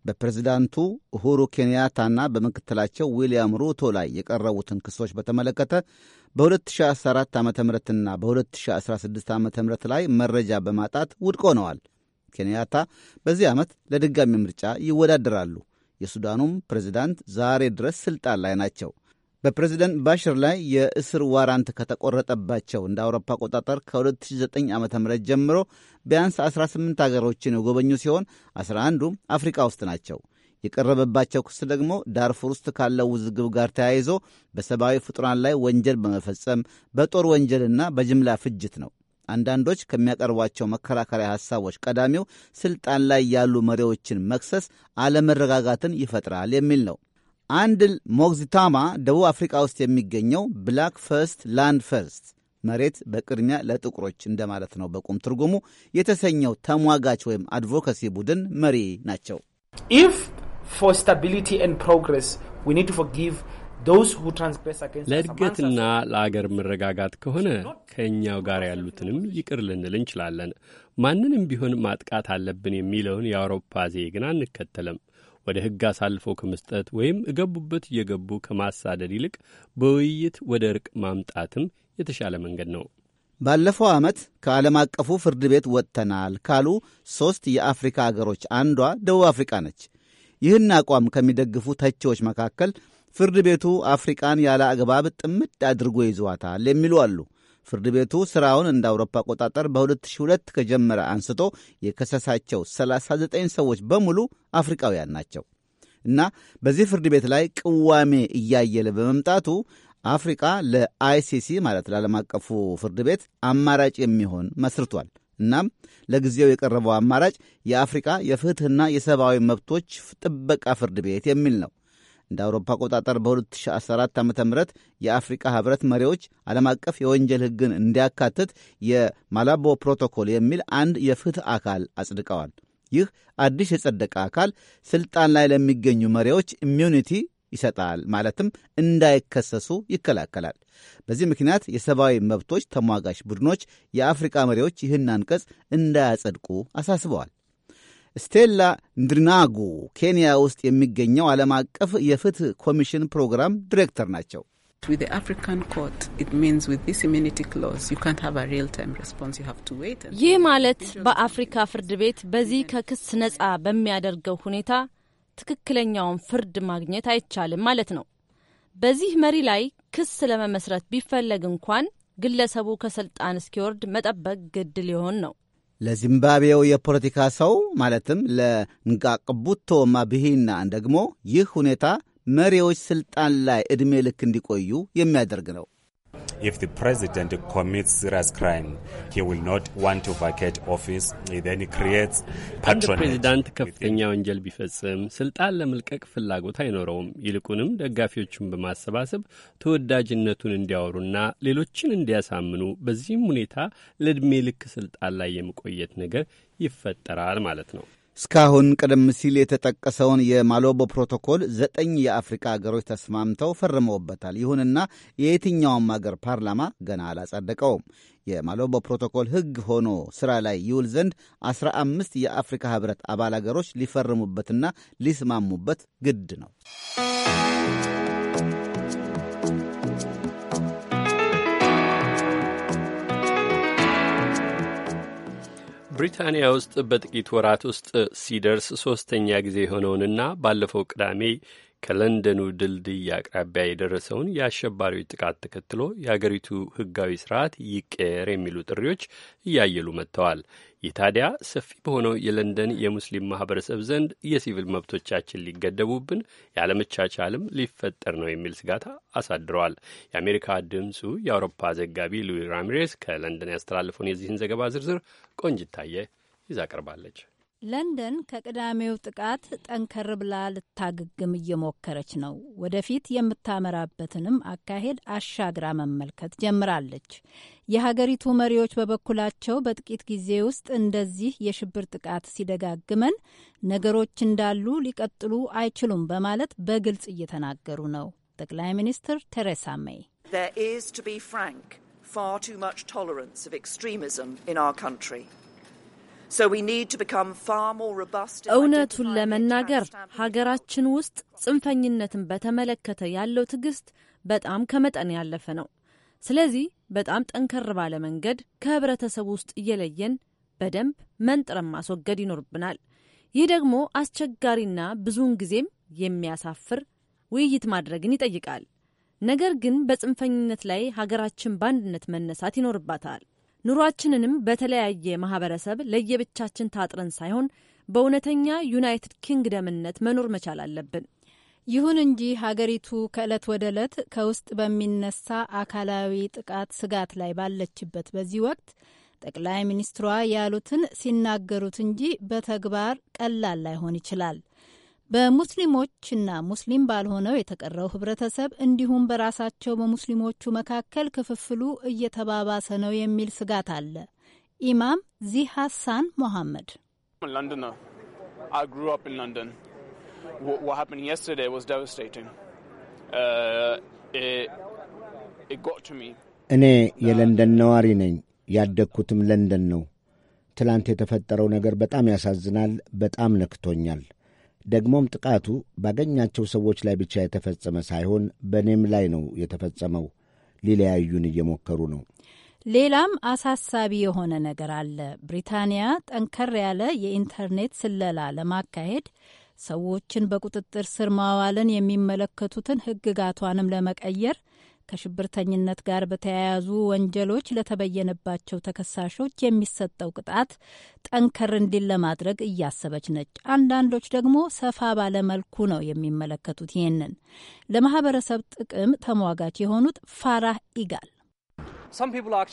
በፕሬዝዳንቱ ኡሁሩ ኬንያታና በምክትላቸው ዊልያም ሩቶ ላይ የቀረቡትን ክሶች በተመለከተ በ2014 ዓ ምና በ2016 ዓ ም ላይ መረጃ በማጣት ውድቅ ሆነዋል። ኬንያታ በዚህ ዓመት ለድጋሚ ምርጫ ይወዳደራሉ። የሱዳኑም ፕሬዝዳንት ዛሬ ድረስ ስልጣን ላይ ናቸው። በፕሬዝደንት ባሽር ላይ የእስር ዋራንት ከተቆረጠባቸው እንደ አውሮፓ አቆጣጠር ከ2009 ዓ ም ጀምሮ ቢያንስ 18 አገሮችን የጎበኙ ሲሆን 11 ዱ አፍሪካ ውስጥ ናቸው። የቀረበባቸው ክስ ደግሞ ዳርፉር ውስጥ ካለው ውዝግብ ጋር ተያይዞ በሰብአዊ ፍጡራን ላይ ወንጀል በመፈጸም በጦር ወንጀልና በጅምላ ፍጅት ነው። አንዳንዶች ከሚያቀርቧቸው መከራከሪያ ሐሳቦች ቀዳሚው ስልጣን ላይ ያሉ መሪዎችን መክሰስ አለመረጋጋትን ይፈጥራል የሚል ነው። አንድ ሞግዚታማ ደቡብ አፍሪካ ውስጥ የሚገኘው ብላክ ፈርስት ላንድ ፈርስት መሬት በቅድሚያ ለጥቁሮች እንደማለት ነው በቁም ትርጉሙ የተሰኘው ተሟጋች ወይም አድቮካሲ ቡድን መሪ ናቸው። ለእድገትና ለአገር መረጋጋት ከሆነ ከእኛው ጋር ያሉትንም ይቅር ልንል እንችላለን። ማንንም ቢሆን ማጥቃት አለብን የሚለውን የአውሮፓ ዜ ግን አንከተልም። ወደ ሕግ አሳልፎ ከመስጠት ወይም እገቡበት እየገቡ ከማሳደድ ይልቅ በውይይት ወደ እርቅ ማምጣትም የተሻለ መንገድ ነው። ባለፈው ዓመት ከዓለም አቀፉ ፍርድ ቤት ወጥተናል ካሉ ሦስት የአፍሪካ አገሮች አንዷ ደቡብ አፍሪካ ነች። ይህን አቋም ከሚደግፉ ተቺዎች መካከል ፍርድ ቤቱ አፍሪቃን ያለ አግባብ ጥምድ አድርጎ ይዟታል የሚሉ አሉ። ፍርድ ቤቱ ሥራውን እንደ አውሮፓ አቆጣጠር በ2002 ከጀመረ አንስቶ የከሰሳቸው 39 ሰዎች በሙሉ አፍሪቃውያን ናቸው እና በዚህ ፍርድ ቤት ላይ ቅዋሜ እያየለ በመምጣቱ አፍሪቃ ለአይሲሲ ማለት ለዓለም አቀፉ ፍርድ ቤት አማራጭ የሚሆን መስርቷል። እናም ለጊዜው የቀረበው አማራጭ የአፍሪቃ የፍትሕና የሰብአዊ መብቶች ጥበቃ ፍርድ ቤት የሚል ነው። እንደ አውሮፓ አቆጣጠር በ2014 ዓ ም የአፍሪቃ ህብረት መሪዎች ዓለም አቀፍ የወንጀል ህግን እንዲያካትት የማላቦ ፕሮቶኮል የሚል አንድ የፍትህ አካል አጽድቀዋል። ይህ አዲስ የጸደቀ አካል ስልጣን ላይ ለሚገኙ መሪዎች ኢሚዩኒቲ ይሰጣል፣ ማለትም እንዳይከሰሱ ይከላከላል። በዚህ ምክንያት የሰብአዊ መብቶች ተሟጋች ቡድኖች የአፍሪቃ መሪዎች ይህን አንቀጽ እንዳያጸድቁ አሳስበዋል። ስቴላ እንድናጉ ኬንያ ውስጥ የሚገኘው ዓለም አቀፍ የፍትህ ኮሚሽን ፕሮግራም ዲሬክተር ናቸው። ይህ ማለት በአፍሪካ ፍርድ ቤት በዚህ ከክስ ነጻ በሚያደርገው ሁኔታ ትክክለኛውን ፍርድ ማግኘት አይቻልም ማለት ነው። በዚህ መሪ ላይ ክስ ለመመስረት ቢፈለግ እንኳን ግለሰቡ ከስልጣን እስኪወርድ መጠበቅ ግድ ሊሆን ነው። ለዚምባብዌው የፖለቲካ ሰው ማለትም ለንቃቅቡቶ ማብሂና ደግሞ ይህ ሁኔታ መሪዎች ስልጣን ላይ ዕድሜ ልክ እንዲቆዩ የሚያደርግ ነው። if the president commits serious crime, he will not want to vacate office. He then creates patronage. ፕሬዚዳንት ከፍተኛ ወንጀል ቢፈጽም ስልጣን ለመልቀቅ ፍላጎት አይኖረውም። ይልቁንም ደጋፊዎቹን በማሰባሰብ ተወዳጅነቱን እንዲያወሩና ሌሎችን እንዲያሳምኑ፣ በዚህም ሁኔታ ለዕድሜ ልክ ስልጣን ላይ የመቆየት ነገር ይፈጠራል ማለት ነው። እስካሁን ቀደም ሲል የተጠቀሰውን የማሎቦ ፕሮቶኮል ዘጠኝ የአፍሪካ አገሮች ተስማምተው ፈርመውበታል። ይሁንና የየትኛውም አገር ፓርላማ ገና አላጸደቀውም። የማሎቦ ፕሮቶኮል ሕግ ሆኖ ስራ ላይ ይውል ዘንድ 15 የአፍሪካ ህብረት አባል አገሮች ሊፈርሙበትና ሊስማሙበት ግድ ነው። ብሪታንያ ውስጥ በጥቂት ወራት ውስጥ ሲደርስ ሶስተኛ ጊዜ የሆነውንና ባለፈው ቅዳሜ ከለንደኑ ድልድይ አቅራቢያ የደረሰውን የአሸባሪዎች ጥቃት ተከትሎ የአገሪቱ ሕጋዊ ስርዓት ይቀየር የሚሉ ጥሪዎች እያየሉ መጥተዋል። ይህ ታዲያ ሰፊ በሆነው የለንደን የሙስሊም ማህበረሰብ ዘንድ የሲቪል መብቶቻችን ሊገደቡብን ያለመቻቻልም ሊፈጠር ነው የሚል ስጋት አሳድረዋል። የአሜሪካ ድምጹ የአውሮፓ ዘጋቢ ሉዊ ራሚሬስ ከለንደን ያስተላለፈውን የዚህን ዘገባ ዝርዝር ቆንጅታየ ይዛ ቀርባለች። ለንደን ከቅዳሜው ጥቃት ጠንከር ብላ ልታግግም እየሞከረች ነው። ወደፊት የምታመራበትንም አካሄድ አሻግራ መመልከት ጀምራለች። የሀገሪቱ መሪዎች በበኩላቸው በጥቂት ጊዜ ውስጥ እንደዚህ የሽብር ጥቃት ሲደጋግመን ነገሮች እንዳሉ ሊቀጥሉ አይችሉም በማለት በግልጽ እየተናገሩ ነው። ጠቅላይ ሚኒስትር ቴሬሳ ሜይ far too much tolerance of extremism in our country. እውነቱን ለመናገር ሀገራችን ውስጥ ጽንፈኝነትን በተመለከተ ያለው ትዕግስት በጣም ከመጠን ያለፈ ነው። ስለዚህ በጣም ጠንከር ባለ መንገድ ከህብረተሰቡ ውስጥ እየለየን በደንብ መንጥረን ማስወገድ ይኖርብናል። ይህ ደግሞ አስቸጋሪና ብዙውን ጊዜም የሚያሳፍር ውይይት ማድረግን ይጠይቃል። ነገር ግን በጽንፈኝነት ላይ ሀገራችን በአንድነት መነሳት ይኖርባታል። ኑሯችንንም በተለያየ ማህበረሰብ ለየብቻችን ታጥረን ሳይሆን በእውነተኛ ዩናይትድ ኪንግደምነት መኖር መቻል አለብን። ይሁን እንጂ ሀገሪቱ ከዕለት ወደ ዕለት ከውስጥ በሚነሳ አካላዊ ጥቃት ስጋት ላይ ባለችበት በዚህ ወቅት ጠቅላይ ሚኒስትሯ ያሉትን ሲናገሩት እንጂ በተግባር ቀላል ላይሆን ይችላል። በሙስሊሞችና ሙስሊም ባልሆነው የተቀረው ህብረተሰብ እንዲሁም በራሳቸው በሙስሊሞቹ መካከል ክፍፍሉ እየተባባሰ ነው የሚል ስጋት አለ። ኢማም ዚ ሐሳን ሞሐመድ uh, እኔ የለንደን ነዋሪ ነኝ። ያደግኩትም ለንደን ነው። ትላንት የተፈጠረው ነገር በጣም ያሳዝናል። በጣም ነክቶኛል። ደግሞም ጥቃቱ ባገኛቸው ሰዎች ላይ ብቻ የተፈጸመ ሳይሆን በእኔም ላይ ነው የተፈጸመው። ሊለያዩን እየሞከሩ ነው። ሌላም አሳሳቢ የሆነ ነገር አለ። ብሪታንያ ጠንከር ያለ የኢንተርኔት ስለላ ለማካሄድ ሰዎችን በቁጥጥር ስር ማዋልን የሚመለከቱትን ሕግጋቷንም ለመቀየር ከሽብርተኝነት ጋር በተያያዙ ወንጀሎች ለተበየነባቸው ተከሳሾች የሚሰጠው ቅጣት ጠንከር እንዲል ለማድረግ እያሰበች ነች። አንዳንዶች ደግሞ ሰፋ ባለ መልኩ ነው የሚመለከቱት። ይህንን ለማህበረሰብ ጥቅም ተሟጋች የሆኑት ፋራህ ኢጋል uh,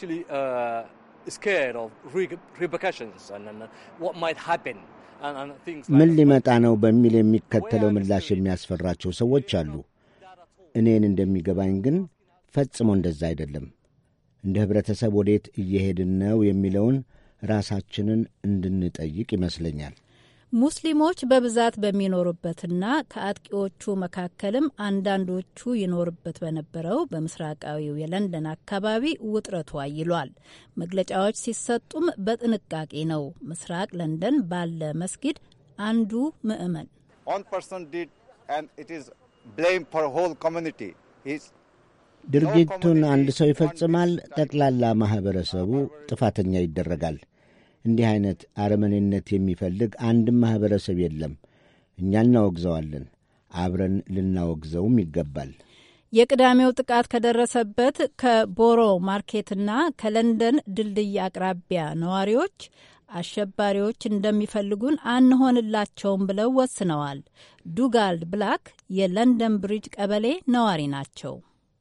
uh, ምን ሊመጣ ነው በሚል የሚከተለው ምላሽ የሚያስፈራቸው ሰዎች አሉ። እኔን እንደሚገባኝ ግን ፈጽሞ እንደዛ አይደለም። እንደ ኅብረተሰብ ወዴት እየሄድን ነው የሚለውን ራሳችንን እንድንጠይቅ ይመስለኛል። ሙስሊሞች በብዛት በሚኖሩበትና ከአጥቂዎቹ መካከልም አንዳንዶቹ ይኖሩበት በነበረው በምስራቃዊው የለንደን አካባቢ ውጥረቱ አይሏል። መግለጫዎች ሲሰጡም በጥንቃቄ ነው። ምስራቅ ለንደን ባለ መስጊድ አንዱ ምዕመን ድርጊቱን አንድ ሰው ይፈጽማል፣ ጠቅላላ ማኅበረሰቡ ጥፋተኛ ይደረጋል። እንዲህ አይነት አረመኔነት የሚፈልግ አንድም ማኅበረሰብ የለም። እኛ እናወግዘዋለን፣ አብረን ልናወግዘውም ይገባል። የቅዳሜው ጥቃት ከደረሰበት ከቦሮ ማርኬትና ከለንደን ድልድይ አቅራቢያ ነዋሪዎች አሸባሪዎች እንደሚፈልጉን አንሆንላቸውም ብለው ወስነዋል። ዱጋልድ ብላክ የለንደን ብሪጅ ቀበሌ ነዋሪ ናቸው።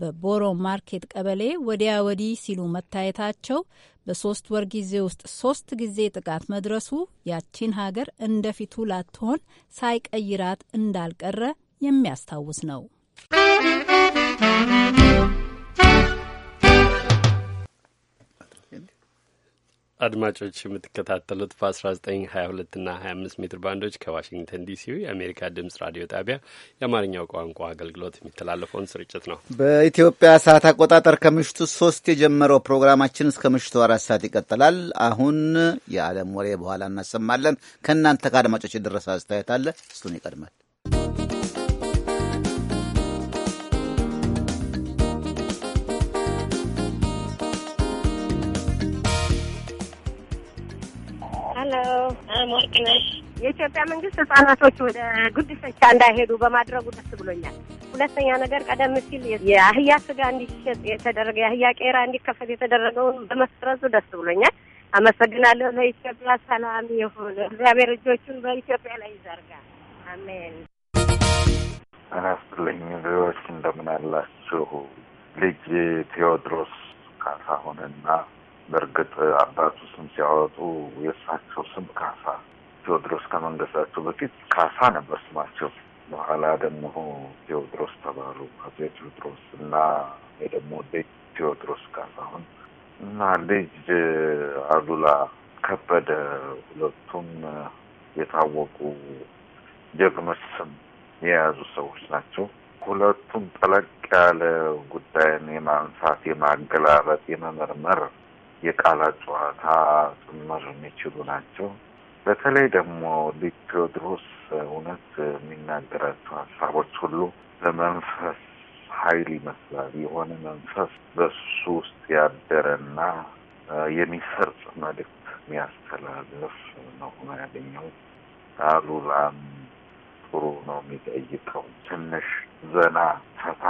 በቦሮ ማርኬት ቀበሌ ወዲያ ወዲህ ሲሉ መታየታቸው በሶስት ወር ጊዜ ውስጥ ሶስት ጊዜ ጥቃት መድረሱ ያቺን ሀገር እንደፊቱ ላትሆን ሳይቀይራት እንዳልቀረ የሚያስታውስ ነው። አድማጮች የምትከታተሉት በ1922 እና 25 ሜትር ባንዶች ከዋሽንግተን ዲሲ የአሜሪካ ድምጽ ራዲዮ ጣቢያ የአማርኛው ቋንቋ አገልግሎት የሚተላለፈውን ስርጭት ነው። በኢትዮጵያ ሰዓት አቆጣጠር ከምሽቱ ሶስት የጀመረው ፕሮግራማችን እስከ ምሽቱ አራት ሰዓት ይቀጥላል። አሁን የዓለም ወሬ በኋላ እናሰማለን። ከእናንተ ከአድማጮች የደረሰ አስተያየት አለ፣ እሱን ይቀድማል። የኢትዮጵያ መንግስት ህጻናቶች ወደ ጉዲፈቻ እንዳይሄዱ በማድረጉ ደስ ብሎኛል። ሁለተኛ ነገር ቀደም ሲል የአህያ ስጋ እንዲሸጥ የተደረገ የአህያ ቄራ እንዲከፈት የተደረገውን በመሰረዙ ደስ ብሎኛል። አመሰግናለሁ። ለኢትዮጵያ ሰላም የሆነ እግዚአብሔር እጆቹን በኢትዮጵያ ላይ ይዘርጋ። አሜን። አናስትልኝ ቪዎች እንደምን አላችሁ? ልጅ ቴዎድሮስ ካሳሁንና በእርግጥ አባቱ ስም ሲያወጡ የእሳቸው ስም ካሳ፣ ቴዎድሮስ ከመንገሳቸው በፊት ካሳ ነበር ስማቸው። በኋላ ደግሞ ቴዎድሮስ ተባሉ አፄ ቴዎድሮስ እና ደግሞ ልጅ ቴዎድሮስ ካሳሁን እና ልጅ አሉላ ከበደ ሁለቱም የታወቁ ጀግኖች ስም የያዙ ሰዎች ናቸው። ሁለቱም ጠለቅ ያለ ጉዳይን የማንሳት የማገላበጥ፣ የመመርመር የቃላት ጨዋታ ጭምር የሚችሉ ናቸው። በተለይ ደግሞ ልጅ ቴዎድሮስ እውነት የሚናገራቸው ሀሳቦች ሁሉ በመንፈስ ኃይል ይመስላል። የሆነ መንፈስ በሱ ውስጥ ያደረና የሚሰርጽ መልእክት የሚያስተላልፍ ነው ያገኘው አሉላም ጥሩ ነው የሚጠይቀው ትንሽ ዘና ፈታ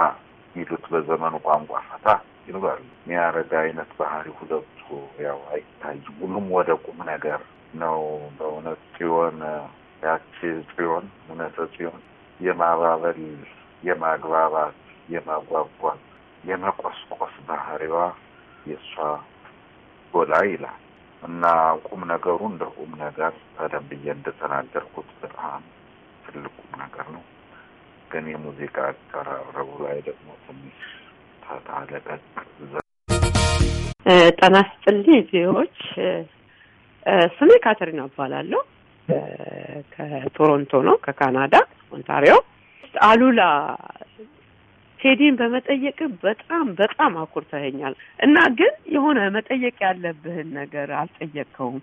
ይሉት በዘመኑ ቋንቋ ፈታ ይኖራሉ። የሚያረጋ አይነት ባህሪ ሁለቱ ያው አይታይ ሁሉም ወደ ቁም ነገር ነው። በእውነት ጽዮን ያቺ ጽዮን እውነተ ጽዮን የማባበል፣ የማግባባት፣ የማጓጓት፣ የመቆስቆስ ባህሪዋ የእሷ ጎላ ይላል እና ቁም ነገሩ እንደ ቁም ነገር ቀደም ብዬ እንደተናገርኩት በጣም ትልቅ ቁም ነገር ነው። ግን የሙዚቃ አቀራረቡ ላይ ደግሞ ትንሽ ታታለቀቅ ጤና ዜዎች ስሜ ካተሪና እባላለሁ። ከቶሮንቶ ነው፣ ከካናዳ ኦንታሪዮ። አሉላ ቴዲን በመጠየቅ በጣም በጣም አኩርተኸኛል እና ግን የሆነ መጠየቅ ያለብህን ነገር አልጠየቅከውም።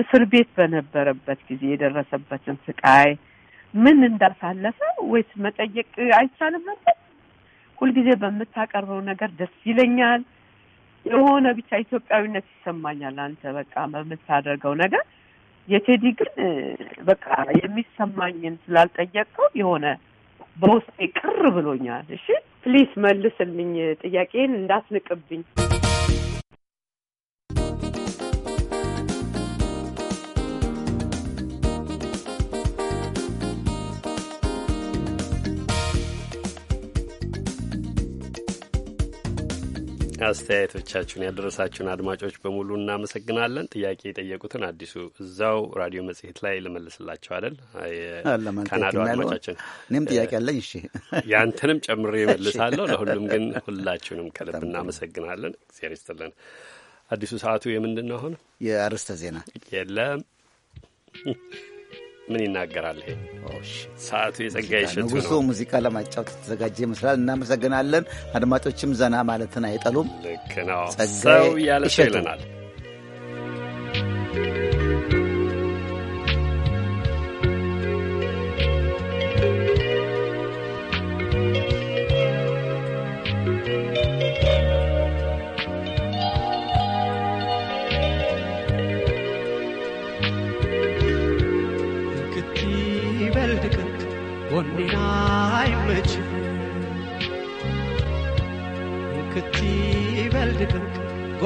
እስር ቤት በነበረበት ጊዜ የደረሰበትን ስቃይ ምን እንዳሳለፈ ወይስ መጠየቅ አይቻልም ነበር? ሁልጊዜ በምታቀርበው ነገር ደስ ይለኛል። የሆነ ብቻ ኢትዮጵያዊነት ይሰማኛል። አንተ በቃ በምታደርገው ነገር የቴዲ ግን በቃ የሚሰማኝን ስላልጠየቀው የሆነ በውስጤ ቅር ብሎኛል። እሺ ፕሊስ መልስልኝ፣ ጥያቄን እንዳትንቅብኝ። አስተያየቶቻችሁን ያደረሳችሁን አድማጮች በሙሉ እናመሰግናለን። ጥያቄ የጠየቁትን አዲሱ እዛው ራዲዮ መጽሔት ላይ ልመልስላቸው አይደል? ካናዳ አድማጫችን እኔም ጥያቄ አለኝ። እሺ ያንተንም ጨምሬ መልሳለሁ። ለሁሉም ግን ሁላችሁንም ከልብ እናመሰግናለን። እግዚአብሔር ይስጥልን። አዲሱ ሰዓቱ የምንድን ነው? አሁን የአርዕስተ ዜና የለም። ምን ይናገራል ይሄ? ሰዓቱ የጸጋ ይሸቱ ንጉሱ ሙዚቃ ለማጫወት የተዘጋጀ ይመስላል። እናመሰግናለን። አድማጮችም ዘና ማለትን አይጠሉም። ልክ ነው። ሰው ያለ ይለናል።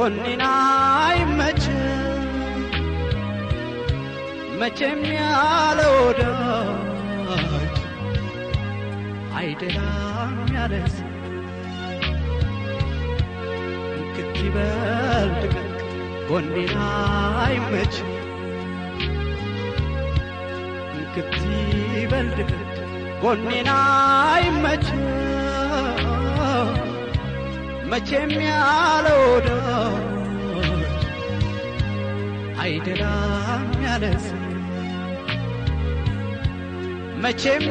ጎኔና አይመችም መቼም ያለ ወዳጅ አይደላም ያለስ ክትበልድ ቀቅ ጎኔና አይመችም ክትበልድ ቀቅ ጎኔና አይመችም መቼም ያለ አይደላም ያለ መቼም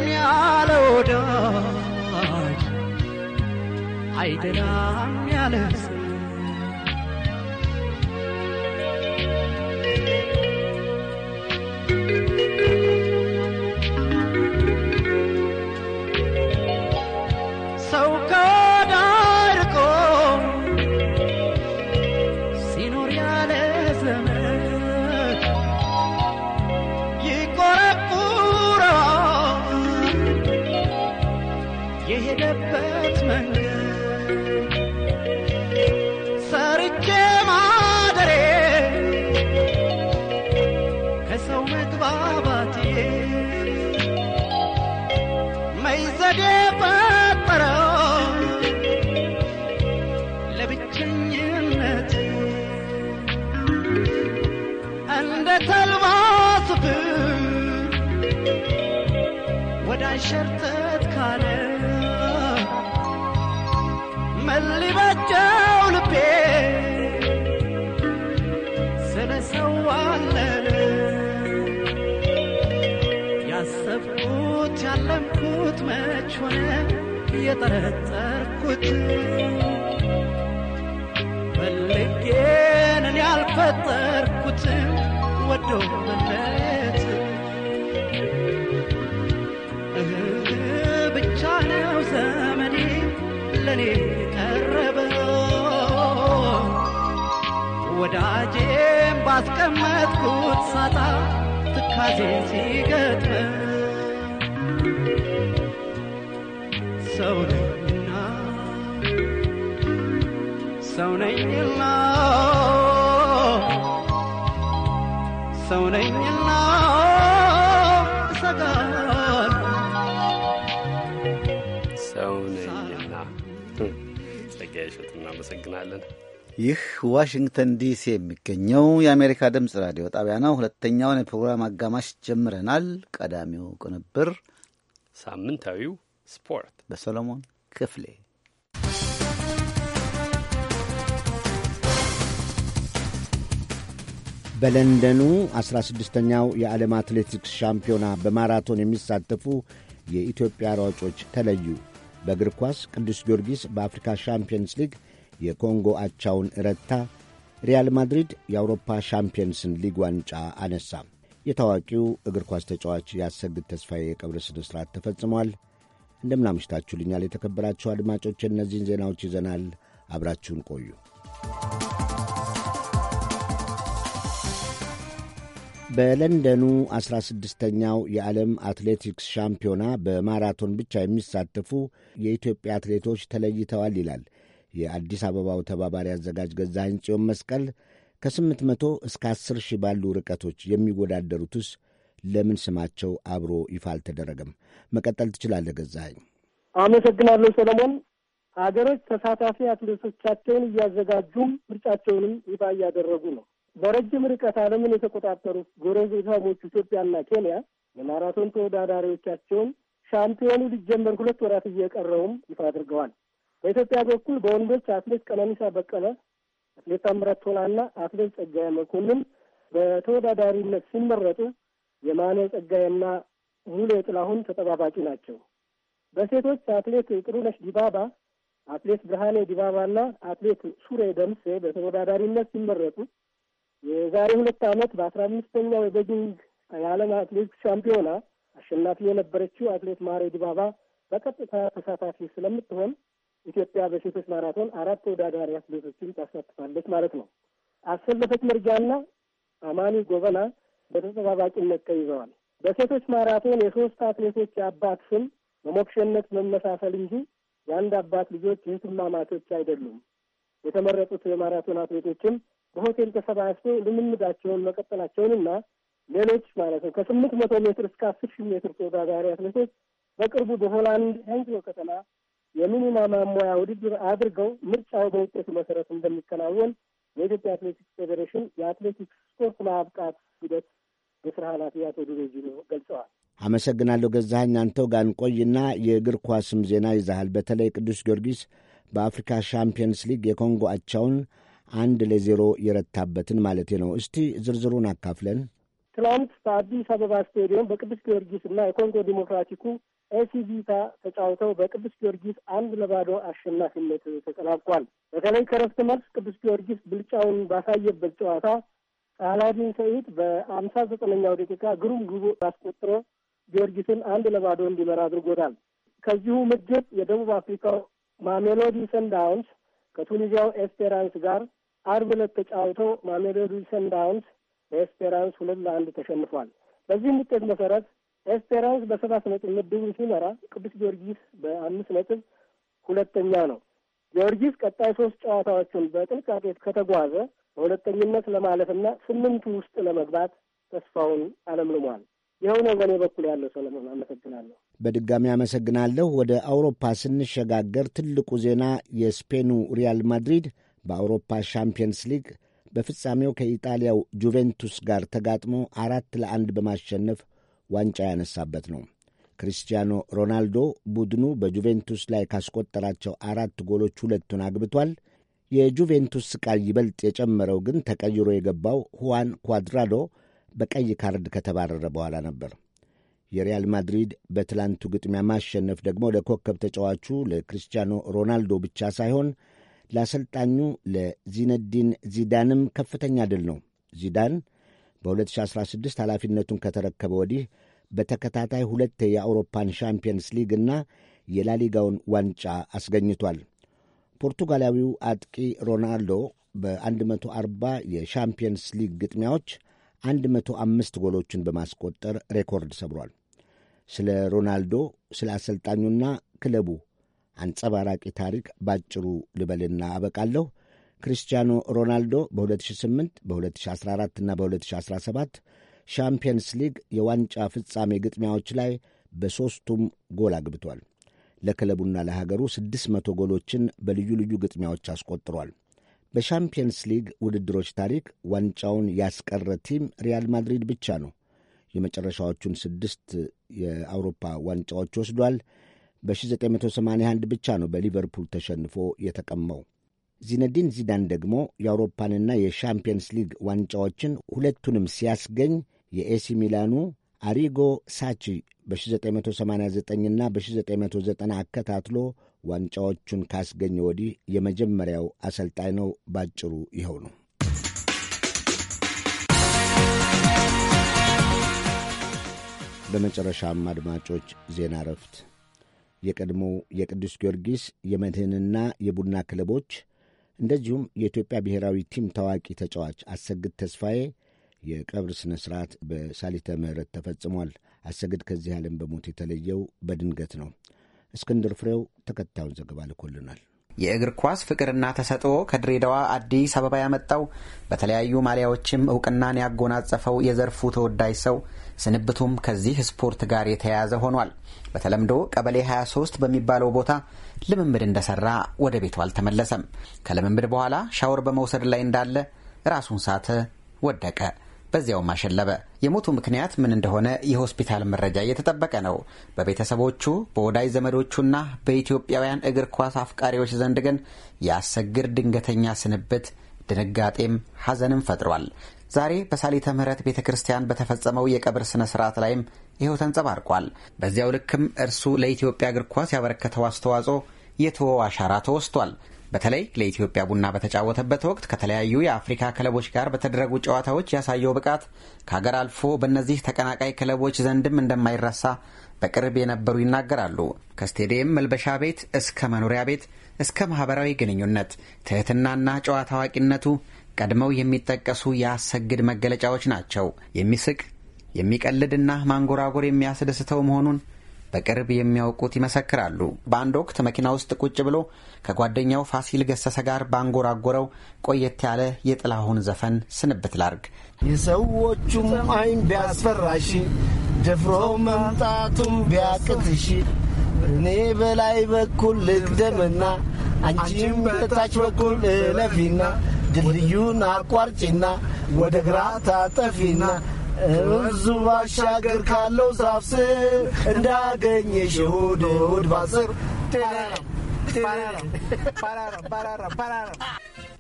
አይደላም ያለ የሄደበት መንገድ ሰርቼ ማደሬ ከሰው መግባባቴ መይዘዴ ፈጠረው ለብቸኝነት እንደ የጠረጠርኩት ፈልጌንን ያልፈጠርኩት ወዶ መለት ብቻ ነው ዘመኔ ለእኔ ቀረበው ወዳጄም ባስቀመጥኩት ሳጣ ትካዜ ሲገጥመው ሰው ነኝና ሰው ነኝና ሰው ነኝና ጸጋዬ እሸቱ እናመሰግናለን። ይህ ዋሽንግተን ዲሲ የሚገኘው የአሜሪካ ድምፅ ራዲዮ ጣቢያ ነው። ሁለተኛውን የፕሮግራም አጋማሽ ጀምረናል። ቀዳሚው ቅንብር ሳምንታዊው ስፖርት በሰሎሞን ክፍሌ በለንደኑ 16ኛው የዓለም አትሌቲክስ ሻምፒዮና በማራቶን የሚሳተፉ የኢትዮጵያ ሯጮች ተለዩ። በእግር ኳስ ቅዱስ ጊዮርጊስ በአፍሪካ ሻምፒየንስ ሊግ የኮንጎ አቻውን ረታ። ሪያል ማድሪድ የአውሮፓ ሻምፒየንስን ሊግ ዋንጫ አነሳ። የታዋቂው እግር ኳስ ተጫዋች ያሰግድ ተስፋዬ የቀብር ሥነ ሥርዓት ተፈጽሟል። እንደምናምሽታችሁልኛል የተከበራችሁ አድማጮች፣ እነዚህን ዜናዎች ይዘናል። አብራችሁን ቆዩ። በለንደኑ 16ኛው የዓለም አትሌቲክስ ሻምፒዮና በማራቶን ብቻ የሚሳተፉ የኢትዮጵያ አትሌቶች ተለይተዋል ይላል የአዲስ አበባው ተባባሪ አዘጋጅ ገዛኸኝ ጽዮን መስቀል። ከ800 እስከ 10 ሺህ ባሉ ርቀቶች የሚወዳደሩትስ ለምን ስማቸው አብሮ ይፋ አልተደረገም? መቀጠል ትችላለህ ገዛኸኝ። አመሰግናለሁ ሰለሞን። ሀገሮች ተሳታፊ አትሌቶቻቸውን እያዘጋጁም ምርጫቸውንም ይፋ እያደረጉ ነው። በረጅም ርቀት ዓለምን የተቆጣጠሩት ጎረቤታሞቹ ኢትዮጵያና ኬንያ የማራቶን ተወዳዳሪዎቻቸውን ሻምፒዮኑ ሊጀመር ሁለት ወራት እየቀረውም ይፋ አድርገዋል። በኢትዮጵያ በኩል በወንዶች አትሌት ቀነኒሳ በቀለ፣ አትሌት ታምራት ቶላና አትሌት ጸጋዬ መኮንን በተወዳዳሪነት ሲመረጡ የማነ ጸጋዬና ሙሉ ጥላሁን ተጠባባቂ ናቸው። በሴቶች አትሌት ጥሩነሽ ዲባባ፣ አትሌት ብርሃኔ ዲባባና አትሌት ሱሬ ደምሴ በተወዳዳሪነት ሲመረጡ የዛሬ ሁለት ዓመት በአስራ አምስተኛው የቤጂንግ የዓለም አትሌቲክስ ሻምፒዮና አሸናፊ የነበረችው አትሌት ማሬ ዲባባ በቀጥታ ተሳታፊ ስለምትሆን ኢትዮጵያ በሴቶች ማራቶን አራት ተወዳዳሪ አትሌቶችን ታሳትፋለች ማለት ነው። አሰለፈች መርጃና አማኒ ጎበና በተጠባባቂነት ተይዘዋል። በሴቶች ማራቶን የሶስት አትሌቶች የአባት ስም በሞክሸነት መመሳሰል እንጂ የአንድ አባት ልጆች እህትማማቾች አይደሉም። የተመረጡት የማራቶን አትሌቶችም በሆቴል ተሰባስበው ልምምዳቸውን መቀጠላቸውንና ሌሎች ማለት ነው ከስምንት መቶ ሜትር እስከ አስር ሺህ ሜትር ተወዳዳሪ አትሌቶች በቅርቡ በሆላንድ ሄንዝሎ ከተማ የሚኒማ ማሟያ ውድድር አድርገው ምርጫው በውጤቱ መሰረት እንደሚከናወን የኢትዮጵያ አትሌቲክስ ፌዴሬሽን የአትሌቲክስ ስፖርት ማብቃት ሂደት የስራ ኃላፊ አቶ ዱሬ ገልጸዋል። አመሰግናለሁ ገዛኸኝ። አንተው ጋንቆይና የእግር ኳስም ዜና ይዛሃል። በተለይ ቅዱስ ጊዮርጊስ በአፍሪካ ሻምፒየንስ ሊግ የኮንጎ አቻውን አንድ ለዜሮ የረታበትን ማለቴ ነው። እስቲ ዝርዝሩን አካፍለን። ትላንት በአዲስ አበባ ስቴዲየም በቅዱስ ጊዮርጊስ እና የኮንጎ ዲሞክራቲኩ ኤሲቪታ ተጫውተው በቅዱስ ጊዮርጊስ አንድ ለባዶ አሸናፊነት ተጠናቋል። በተለይ ከረፍት መልስ ቅዱስ ጊዮርጊስ ብልጫውን ባሳየበት ጨዋታ አላዲን ሰይድ በአምሳ ዘጠነኛው ደቂቃ ግሩም ግቡ አስቆጥሮ ጊዮርጊስን አንድ ለባዶ እንዲመራ አድርጎታል። ከዚሁ ምድብ የደቡብ አፍሪካው ማሜሎዲ ሰንዳውንስ ከቱኒዚያው ኤስፔራንስ ጋር አርብ ዕለት ተጫውተው ማሜሎዲ ሰንዳውንስ በኤስፔራንስ ሁለት ለአንድ ተሸንፏል። በዚህም ውጤት መሰረት ኤስፔራንስ በሰባት ነጥብ ምድቡን ሲመራ፣ ቅዱስ ጊዮርጊስ በአምስት ነጥብ ሁለተኛ ነው። ጊዮርጊስ ቀጣይ ሶስት ጨዋታዎችን በጥንቃቄ ከተጓዘ በሁለተኝነት ለማለፍና ስምንቱ ውስጥ ለመግባት ተስፋውን አለምልሟል። ይኸው ነው በእኔ በኩል ያለው። ሰለሞን አመሰግናለሁ። በድጋሚ አመሰግናለሁ። ወደ አውሮፓ ስንሸጋገር ትልቁ ዜና የስፔኑ ሪያል ማድሪድ በአውሮፓ ሻምፒየንስ ሊግ በፍጻሜው ከኢጣሊያው ጁቬንቱስ ጋር ተጋጥሞ አራት ለአንድ በማሸነፍ ዋንጫ ያነሳበት ነው። ክሪስቲያኖ ሮናልዶ ቡድኑ በጁቬንቱስ ላይ ካስቆጠራቸው አራት ጎሎች ሁለቱን አግብቷል። የጁቬንቱስ ስቃይ ይበልጥ የጨመረው ግን ተቀይሮ የገባው ሁዋን ኳድራዶ በቀይ ካርድ ከተባረረ በኋላ ነበር። የሪያል ማድሪድ በትላንቱ ግጥሚያ ማሸነፍ ደግሞ ለኮከብ ተጫዋቹ ለክሪስቲያኖ ሮናልዶ ብቻ ሳይሆን ለአሰልጣኙ ለዚነዲን ዚዳንም ከፍተኛ ድል ነው። ዚዳን በ2016 ኃላፊነቱን ከተረከበ ወዲህ በተከታታይ ሁለት የአውሮፓን ሻምፒየንስ ሊግ እና የላሊጋውን ዋንጫ አስገኝቷል። ፖርቱጋላዊው አጥቂ ሮናልዶ በ140 የሻምፒየንስ ሊግ ግጥሚያዎች 105 ጎሎችን በማስቆጠር ሬኮርድ ሰብሯል። ስለ ሮናልዶ ስለ አሰልጣኙና ክለቡ አንጸባራቂ ታሪክ ባጭሩ ልበልና አበቃለሁ። ክሪስቲያኖ ሮናልዶ በ2008 በ2014 እና በ2017 ሻምፒየንስ ሊግ የዋንጫ ፍጻሜ ግጥሚያዎች ላይ በሦስቱም ጎል አግብቷል። ለክለቡና ለሀገሩ መቶ ጎሎችን በልዩ ልዩ ግጥሚያዎች አስቆጥሯል። በሻምፒየንስ ሊግ ውድድሮች ታሪክ ዋንጫውን ያስቀረ ቲም ሪያል ማድሪድ ብቻ ነው። የመጨረሻዎቹን ስድስት የአውሮፓ ዋንጫዎች ወስዷል። በ1981 ብቻ ነው በሊቨርፑል ተሸንፎ የተቀማው። ዚነዲን ዚዳን ደግሞ የአውሮፓንና የሻምፒየንስ ሊግ ዋንጫዎችን ሁለቱንም ሲያስገኝ የኤሲ ሚላኑ አሪጎ ሳቺ በ1989ና በ1990 አከታትሎ ዋንጫዎቹን ካስገኘ ወዲህ የመጀመሪያው አሰልጣኝ ነው። ባጭሩ ይኸው ነው። በመጨረሻም አድማጮች ዜና እረፍት። የቀድሞው የቅዱስ ጊዮርጊስ የመድህንና የቡና ክለቦች እንደዚሁም የኢትዮጵያ ብሔራዊ ቲም ታዋቂ ተጫዋች አሰግድ ተስፋዬ የቀብር ሥነ ሥርዓት በሳሊተ ምሕረት ተፈጽሟል። አሰግድ ከዚህ ዓለም በሞት የተለየው በድንገት ነው። እስክንድር ፍሬው ተከታዩን ዘገባ ልኮልናል። የእግር ኳስ ፍቅርና ተሰጥኦ ከድሬዳዋ አዲስ አበባ ያመጣው በተለያዩ ማሊያዎችም እውቅናን ያጎናጸፈው የዘርፉ ተወዳጅ ሰው ስንብቱም ከዚህ ስፖርት ጋር የተያያዘ ሆኗል። በተለምዶ ቀበሌ 23 በሚባለው ቦታ ልምምድ እንደሰራ ወደ ቤቱ አልተመለሰም። ከልምምድ በኋላ ሻወር በመውሰድ ላይ እንዳለ ራሱን ሳተ፣ ወደቀ። በዚያውም አሸለበ። የሞቱ ምክንያት ምን እንደሆነ የሆስፒታል መረጃ እየተጠበቀ ነው። በቤተሰቦቹ በወዳጅ ዘመዶቹና በኢትዮጵያውያን እግር ኳስ አፍቃሪዎች ዘንድ ግን የአሰግድ ድንገተኛ ስንብት ድንጋጤም ሐዘንም ፈጥሯል። ዛሬ በሳሊተ ምሕረት ቤተ ክርስቲያን በተፈጸመው የቀብር ሥነ ሥርዓት ላይም ይኸው ተንጸባርቋል። በዚያው ልክም እርሱ ለኢትዮጵያ እግር ኳስ ያበረከተው አስተዋጽኦ የትወው አሻራ ተወስቷል። በተለይ ለኢትዮጵያ ቡና በተጫወተበት ወቅት ከተለያዩ የአፍሪካ ክለቦች ጋር በተደረጉ ጨዋታዎች ያሳየው ብቃት ከሀገር አልፎ በእነዚህ ተቀናቃይ ክለቦች ዘንድም እንደማይረሳ በቅርብ የነበሩ ይናገራሉ። ከስቴዲየም መልበሻ ቤት እስከ መኖሪያ ቤት እስከ ማህበራዊ ግንኙነት ትህትናና ጨዋታ አዋቂነቱ ቀድመው የሚጠቀሱ የአሰግድ መገለጫዎች ናቸው። የሚስቅ የሚቀልድና ማንጎራጎር የሚያስደስተው መሆኑን በቅርብ የሚያውቁት ይመሰክራሉ። በአንድ ወቅት መኪና ውስጥ ቁጭ ብሎ ከጓደኛው ፋሲል ገሰሰ ጋር ባንጎራጎረው ቆየት ያለ የጥላሁን ዘፈን ስንብት ላርግ። የሰዎቹም አይን ቢያስፈራሽ፣ ደፍሮ መምጣቱም ቢያቅትሽ፣ እኔ በላይ በኩል ልቅደምና አንቺም በታች በኩል እለፊና ድልድዩን አቋርጪና ወደ ግራ ታጠፊና እዙ ባሻገር ካለው ዛፍ ስር እንዳገኘሽ እሑድ እሑድ ባስር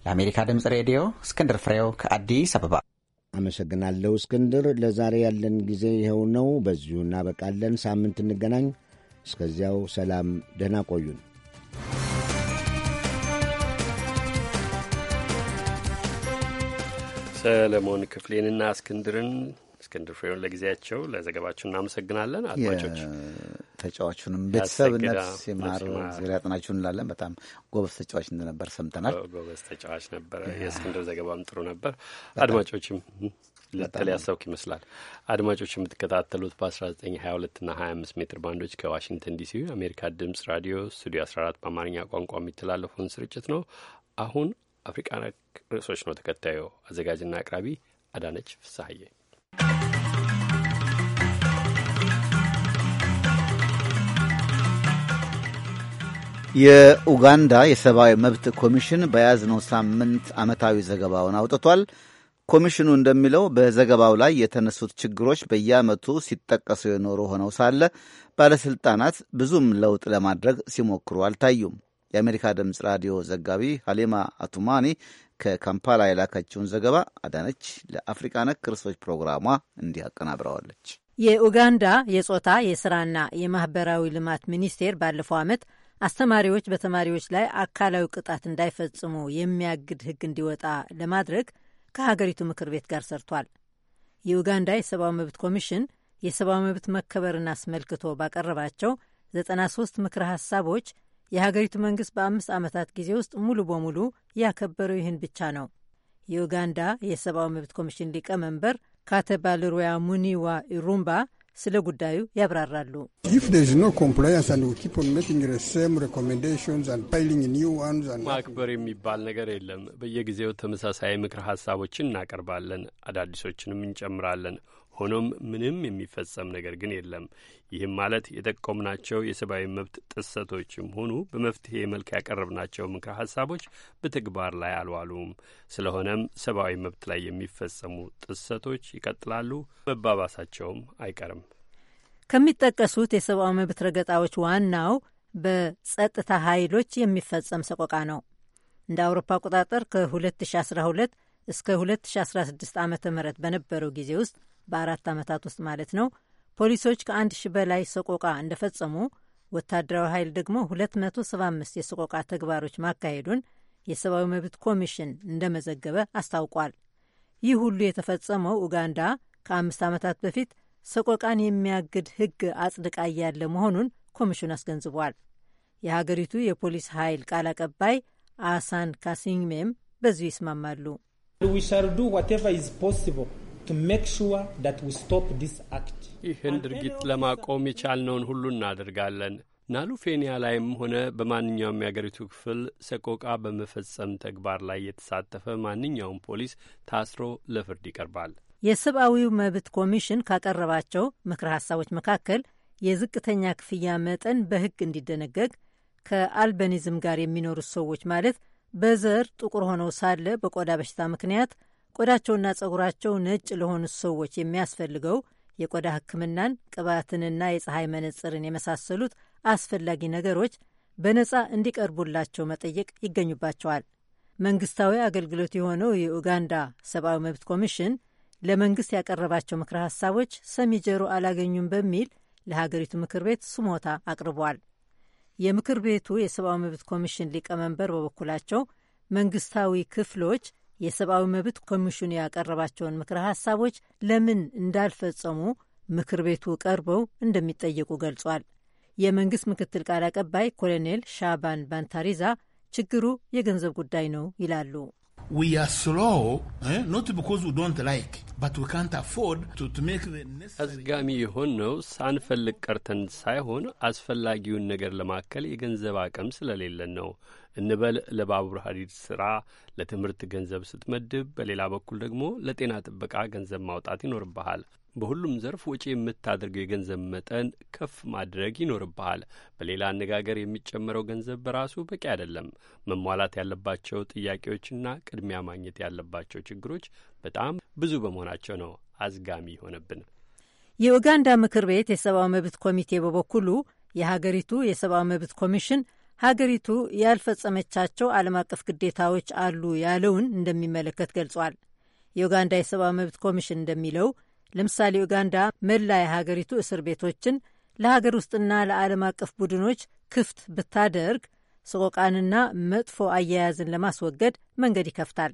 የአሜሪካ ድምፅ ሬዲዮ እስክንድር ፍሬው ከአዲስ አበባ አመሰግናለሁ። እስክንድር፣ ለዛሬ ያለን ጊዜ ይኸው ነው። በዚሁ እናበቃለን። ሳምንት እንገናኝ። እስከዚያው ሰላም፣ ደህና ቆዩን። ሰለሞን ክፍሌንና እስክንድርን እስክንድር ፍሬውን ለጊዜያቸው ለዘገባችሁ እናመሰግናለን። አድማጮች ተጫዋቹንም ቤተሰብ ነፍስ ይማር እግዚአብሔር እንላለን። በጣም ጎበዝ ተጫዋች እንደነበር ሰምተናል። ጎበዝ ተጫዋች ነበረ። የእስክንድር ዘገባም ጥሩ ነበር። አድማጮችም ለተለያ ሰውክ ይመስላል። አድማጮች የምትከታተሉት በ1922 እና 25 ሜትር ባንዶች ከዋሽንግተን ዲሲ የአሜሪካ ድምጽ ራዲዮ ስቱዲዮ 14 በአማርኛ ቋንቋ የሚተላለፈውን ስርጭት ነው። አሁን አፍሪቃ ርዕሶች ነው ተከታዩ። አዘጋጅና አቅራቢ አዳነች ፍስሀዬ የኡጋንዳ የሰብአዊ መብት ኮሚሽን በያዝነው ሳምንት ዓመታዊ ዘገባውን አውጥቷል። ኮሚሽኑ እንደሚለው በዘገባው ላይ የተነሱት ችግሮች በየዓመቱ ሲጠቀሱ የኖሩ ሆነው ሳለ ባለሥልጣናት ብዙም ለውጥ ለማድረግ ሲሞክሩ አልታዩም። የአሜሪካ ድምፅ ራዲዮ ዘጋቢ ሀሊማ አቱማኒ ከካምፓላ የላከችውን ዘገባ አዳነች ለአፍሪቃ ነክ ርዕሶች ፕሮግራሟ እንዲህ አቀናብረዋለች። የኡጋንዳ የጾታ የስራና የማህበራዊ ልማት ሚኒስቴር ባለፈው ዓመት አስተማሪዎች በተማሪዎች ላይ አካላዊ ቅጣት እንዳይፈጽሙ የሚያግድ ሕግ እንዲወጣ ለማድረግ ከሀገሪቱ ምክር ቤት ጋር ሰርቷል። የኡጋንዳ የሰብአዊ መብት ኮሚሽን የሰብአዊ መብት መከበርን አስመልክቶ ባቀረባቸው 93 ምክረ ሀሳቦች የሀገሪቱ መንግስት በአምስት ዓመታት ጊዜ ውስጥ ሙሉ በሙሉ ያከበረው ይህን ብቻ ነው። የኡጋንዳ የሰብአዊ መብት ኮሚሽን ሊቀመንበር ካተባልሩያ ሙኒዋ ኢሩምባ ስለ ጉዳዩ ያብራራሉ። ማክበር የሚባል ነገር የለም። በየጊዜው ተመሳሳይ ምክር ሀሳቦችን እናቀርባለን፣ አዳዲሶችንም እንጨምራለን። ሆኖም ምንም የሚፈጸም ነገር ግን የለም። ይህም ማለት የጠቆምናቸው የሰብአዊ መብት ጥሰቶችም ሆኑ በመፍትሄ መልክ ያቀረብናቸው ምክረ ሀሳቦች በተግባር ላይ አልዋሉም። ስለሆነም ሰብአዊ መብት ላይ የሚፈጸሙ ጥሰቶች ይቀጥላሉ፣ መባባሳቸውም አይቀርም። ከሚጠቀሱት የሰብአዊ መብት ረገጣዎች ዋናው በጸጥታ ኃይሎች የሚፈጸም ሰቆቃ ነው። እንደ አውሮፓ አቆጣጠር ከ2012 እስከ 2016 ዓ ም በነበረው ጊዜ ውስጥ በአራት ዓመታት ውስጥ ማለት ነው። ፖሊሶች ከአንድ ሺህ በላይ ሰቆቃ እንደፈጸሙ ወታደራዊ ኃይል ደግሞ 275 የሰቆቃ ተግባሮች ማካሄዱን የሰብአዊ መብት ኮሚሽን እንደመዘገበ አስታውቋል። ይህ ሁሉ የተፈጸመው ኡጋንዳ ከአምስት ዓመታት በፊት ሰቆቃን የሚያግድ ሕግ አጽድቃ እያለ መሆኑን ኮሚሽኑ አስገንዝቧል። የሀገሪቱ የፖሊስ ኃይል ቃል አቀባይ አሳን ካሲንግሜም በዚሁ ይስማማሉ። ይህን ድርጊት ለማቆም የቻልነውን ሁሉ እናደርጋለን። ናሉፌኒያ ላይም ሆነ በማንኛውም የአገሪቱ ክፍል ሰቆቃ በመፈጸም ተግባር ላይ የተሳተፈ ማንኛውም ፖሊስ ታስሮ ለፍርድ ይቀርባል። የሰብአዊው መብት ኮሚሽን ካቀረባቸው ምክረ ሀሳቦች መካከል የዝቅተኛ ክፍያ መጠን በሕግ እንዲደነገግ፣ ከአልበኒዝም ጋር የሚኖሩት ሰዎች ማለት በዘር ጥቁር ሆነው ሳለ በቆዳ በሽታ ምክንያት ቆዳቸውና ጸጉራቸው ነጭ ለሆኑት ሰዎች የሚያስፈልገው የቆዳ ሕክምናን፣ ቅባትንና የፀሐይ መነጽርን የመሳሰሉት አስፈላጊ ነገሮች በነጻ እንዲቀርቡላቸው መጠየቅ ይገኙባቸዋል። መንግስታዊ አገልግሎት የሆነው የኡጋንዳ ሰብአዊ መብት ኮሚሽን ለመንግስት ያቀረባቸው ምክረ ሀሳቦች ሰሚ ጆሮ አላገኙም በሚል ለሀገሪቱ ምክር ቤት ስሞታ አቅርቧል። የምክር ቤቱ የሰብአዊ መብት ኮሚሽን ሊቀመንበር በበኩላቸው መንግስታዊ ክፍሎች የሰብአዊ መብት ኮሚሽኑ ያቀረባቸውን ምክረ ሀሳቦች ለምን እንዳልፈጸሙ ምክር ቤቱ ቀርበው እንደሚጠየቁ ገልጿል። የመንግስት ምክትል ቃል አቀባይ ኮሎኔል ሻባን ባንታሪዛ ችግሩ የገንዘብ ጉዳይ ነው ይላሉ። We are slow, eh? not because we don't like. አዝጋሚ የሆን ነው ሳንፈልግ ቀርተን ሳይሆን አስፈላጊውን ነገር ለማከል የገንዘብ አቅም ስለሌለን ነው። እንበል ለባቡር ሀዲድ ስራ ለትምህርት ገንዘብ ስትመድብ፣ በሌላ በኩል ደግሞ ለጤና ጥበቃ ገንዘብ ማውጣት ይኖርብሃል። በሁሉም ዘርፍ ወጪ የምታደርገው የገንዘብ መጠን ከፍ ማድረግ ይኖርብሃል። በሌላ አነጋገር የሚጨመረው ገንዘብ በራሱ በቂ አይደለም። መሟላት ያለባቸው ጥያቄዎችና ቅድሚያ ማግኘት ያለባቸው ችግሮች በጣም ብዙ በመሆናቸው ነው አዝጋሚ የሆነብን። የኡጋንዳ ምክር ቤት የሰብአዊ መብት ኮሚቴ በበኩሉ የሀገሪቱ የሰብአዊ መብት ኮሚሽን ሀገሪቱ ያልፈጸመቻቸው ዓለም አቀፍ ግዴታዎች አሉ ያለውን እንደሚመለከት ገልጿል። የኡጋንዳ የሰብአዊ መብት ኮሚሽን እንደሚለው ለምሳሌ ኡጋንዳ መላ የሀገሪቱ እስር ቤቶችን ለሀገር ውስጥና ለዓለም አቀፍ ቡድኖች ክፍት ብታደርግ ስቆቃንና መጥፎ አያያዝን ለማስወገድ መንገድ ይከፍታል።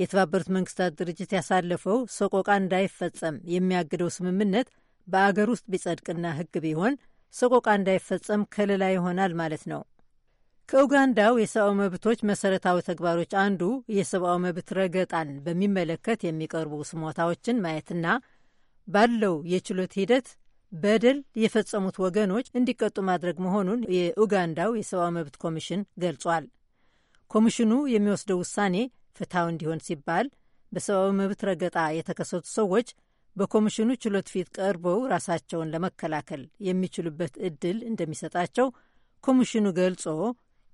የተባበሩት መንግስታት ድርጅት ያሳለፈው ሰቆቃ እንዳይፈጸም የሚያግደው ስምምነት በአገር ውስጥ ቢጸድቅና ሕግ ቢሆን ሰቆቃ እንዳይፈጸም ከለላ ይሆናል ማለት ነው። ከኡጋንዳው የሰብአዊ መብቶች መሰረታዊ ተግባሮች አንዱ የሰብአዊ መብት ረገጣን በሚመለከት የሚቀርቡ ስሞታዎችን ማየትና ባለው የችሎት ሂደት በደል የፈጸሙት ወገኖች እንዲቀጡ ማድረግ መሆኑን የኡጋንዳው የሰብአዊ መብት ኮሚሽን ገልጿል። ኮሚሽኑ የሚወስደው ውሳኔ ፍትሐዊ እንዲሆን ሲባል በሰብአዊ መብት ረገጣ የተከሰቱ ሰዎች በኮሚሽኑ ችሎት ፊት ቀርበው ራሳቸውን ለመከላከል የሚችሉበት እድል እንደሚሰጣቸው ኮሚሽኑ ገልጾ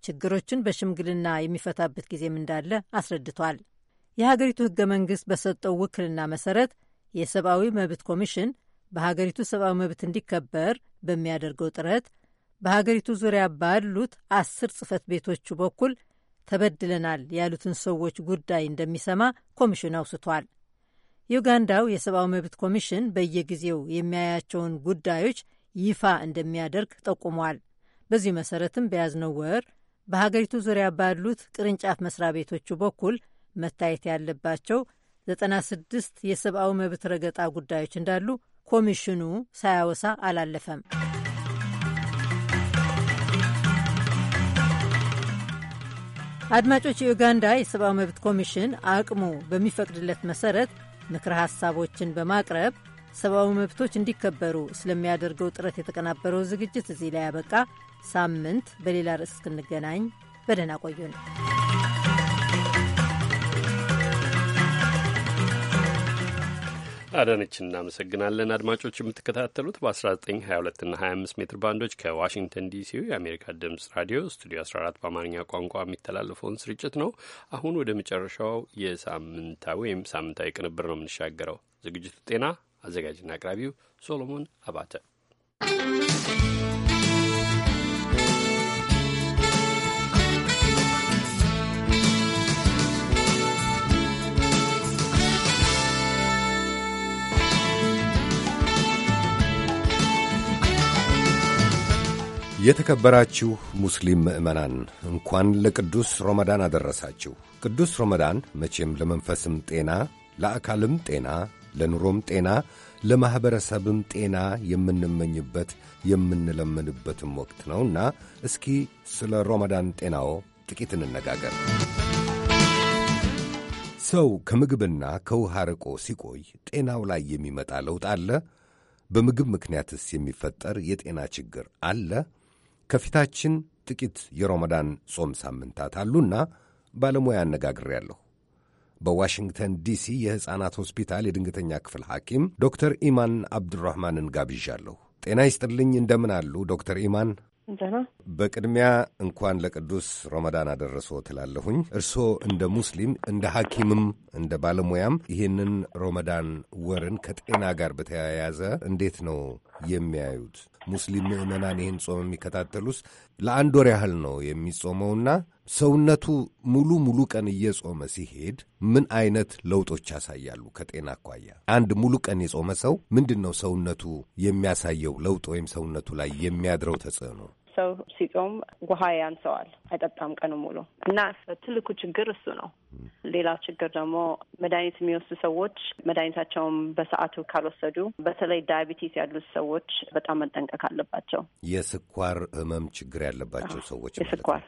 ችግሮችን በሽምግልና የሚፈታበት ጊዜም እንዳለ አስረድቷል። የሀገሪቱ ህገ መንግሥት በሰጠው ውክልና መሰረት የሰብአዊ መብት ኮሚሽን በሀገሪቱ ሰብአዊ መብት እንዲከበር በሚያደርገው ጥረት በሀገሪቱ ዙሪያ ባሉት አስር ጽህፈት ቤቶቹ በኩል ተበድለናል ያሉትን ሰዎች ጉዳይ እንደሚሰማ ኮሚሽኑ አውስቷል። ዩጋንዳው የሰብአዊ መብት ኮሚሽን በየጊዜው የሚያያቸውን ጉዳዮች ይፋ እንደሚያደርግ ጠቁሟል። በዚህ መሰረትም በያዝነው ወር በሀገሪቱ ዙሪያ ባሉት ቅርንጫፍ መስሪያ ቤቶቹ በኩል መታየት ያለባቸው 96 የሰብአዊ መብት ረገጣ ጉዳዮች እንዳሉ ኮሚሽኑ ሳያወሳ አላለፈም። አድማጮች፣ የኡጋንዳ የሰብአዊ መብት ኮሚሽን አቅሙ በሚፈቅድለት መሰረት ምክረ ሀሳቦችን በማቅረብ ሰብአዊ መብቶች እንዲከበሩ ስለሚያደርገው ጥረት የተቀናበረው ዝግጅት እዚህ ላይ ያበቃ። ሳምንት በሌላ ርዕስ እስክንገናኝ በደህና ቆዩን። አዳነች እናመሰግናለን። አድማጮች የምትከታተሉት በ1922 እና 25 ሜትር ባንዶች ከዋሽንግተን ዲሲው የአሜሪካ ድምጽ ራዲዮ ስቱዲዮ 14 በአማርኛ ቋንቋ የሚተላለፈውን ስርጭት ነው። አሁን ወደ መጨረሻው የሳምንታዊ ወይም ሳምንታዊ ቅንብር ነው የምንሻገረው። ዝግጅቱ ጤና፣ አዘጋጅና አቅራቢው ሶሎሞን አባተ የተከበራችሁ ሙስሊም ምዕመናን እንኳን ለቅዱስ ሮመዳን አደረሳችሁ። ቅዱስ ሮመዳን መቼም ለመንፈስም ጤና፣ ለአካልም ጤና፣ ለኑሮም ጤና፣ ለማኅበረሰብም ጤና የምንመኝበት የምንለምንበትም ወቅት ነውና እስኪ ስለ ሮመዳን ጤናዎ ጥቂት እንነጋገር። ሰው ከምግብና ከውሃ ርቆ ሲቆይ ጤናው ላይ የሚመጣ ለውጥ አለ? በምግብ ምክንያትስ የሚፈጠር የጤና ችግር አለ? ከፊታችን ጥቂት የሮመዳን ጾም ሳምንታት አሉና ባለሙያ አነጋግሬያለሁ። በዋሽንግተን ዲሲ የሕፃናት ሆስፒታል የድንገተኛ ክፍል ሐኪም ዶክተር ኢማን አብዱራህማንን ጋብዣለሁ። ጤና ይስጥልኝ። እንደምን አሉ ዶክተር ኢማን? በቅድሚያ እንኳን ለቅዱስ ሮመዳን አደረሶ ትላለሁኝ። እርስዎ እንደ ሙስሊም እንደ ሐኪምም እንደ ባለሙያም ይህንን ሮመዳን ወርን ከጤና ጋር በተያያዘ እንዴት ነው የሚያዩት? ሙስሊም ምዕመናን ይህን ጾም የሚከታተሉስ ለአንድ ወር ያህል ነው የሚጾመውና ሰውነቱ ሙሉ ሙሉ ቀን እየጾመ ሲሄድ ምን አይነት ለውጦች ያሳያሉ? ከጤና አኳያ አንድ ሙሉ ቀን የጾመ ሰው ምንድን ነው ሰውነቱ የሚያሳየው ለውጥ ወይም ሰውነቱ ላይ የሚያድረው ተጽዕኖ? ሰው ሲጾም ውሃ ያንሰዋል፣ አይጠጣም ቀኑ ሙሉ እና ትልቁ ችግር እሱ ነው። ሌላው ችግር ደግሞ መድኃኒት የሚወስዱ ሰዎች መድኃኒታቸውን በሰዓቱ ካልወሰዱ፣ በተለይ ዳያቢቲስ ያሉት ሰዎች በጣም መጠንቀቅ አለባቸው። የስኳር ህመም ችግር ያለባቸው ሰዎች የስኳር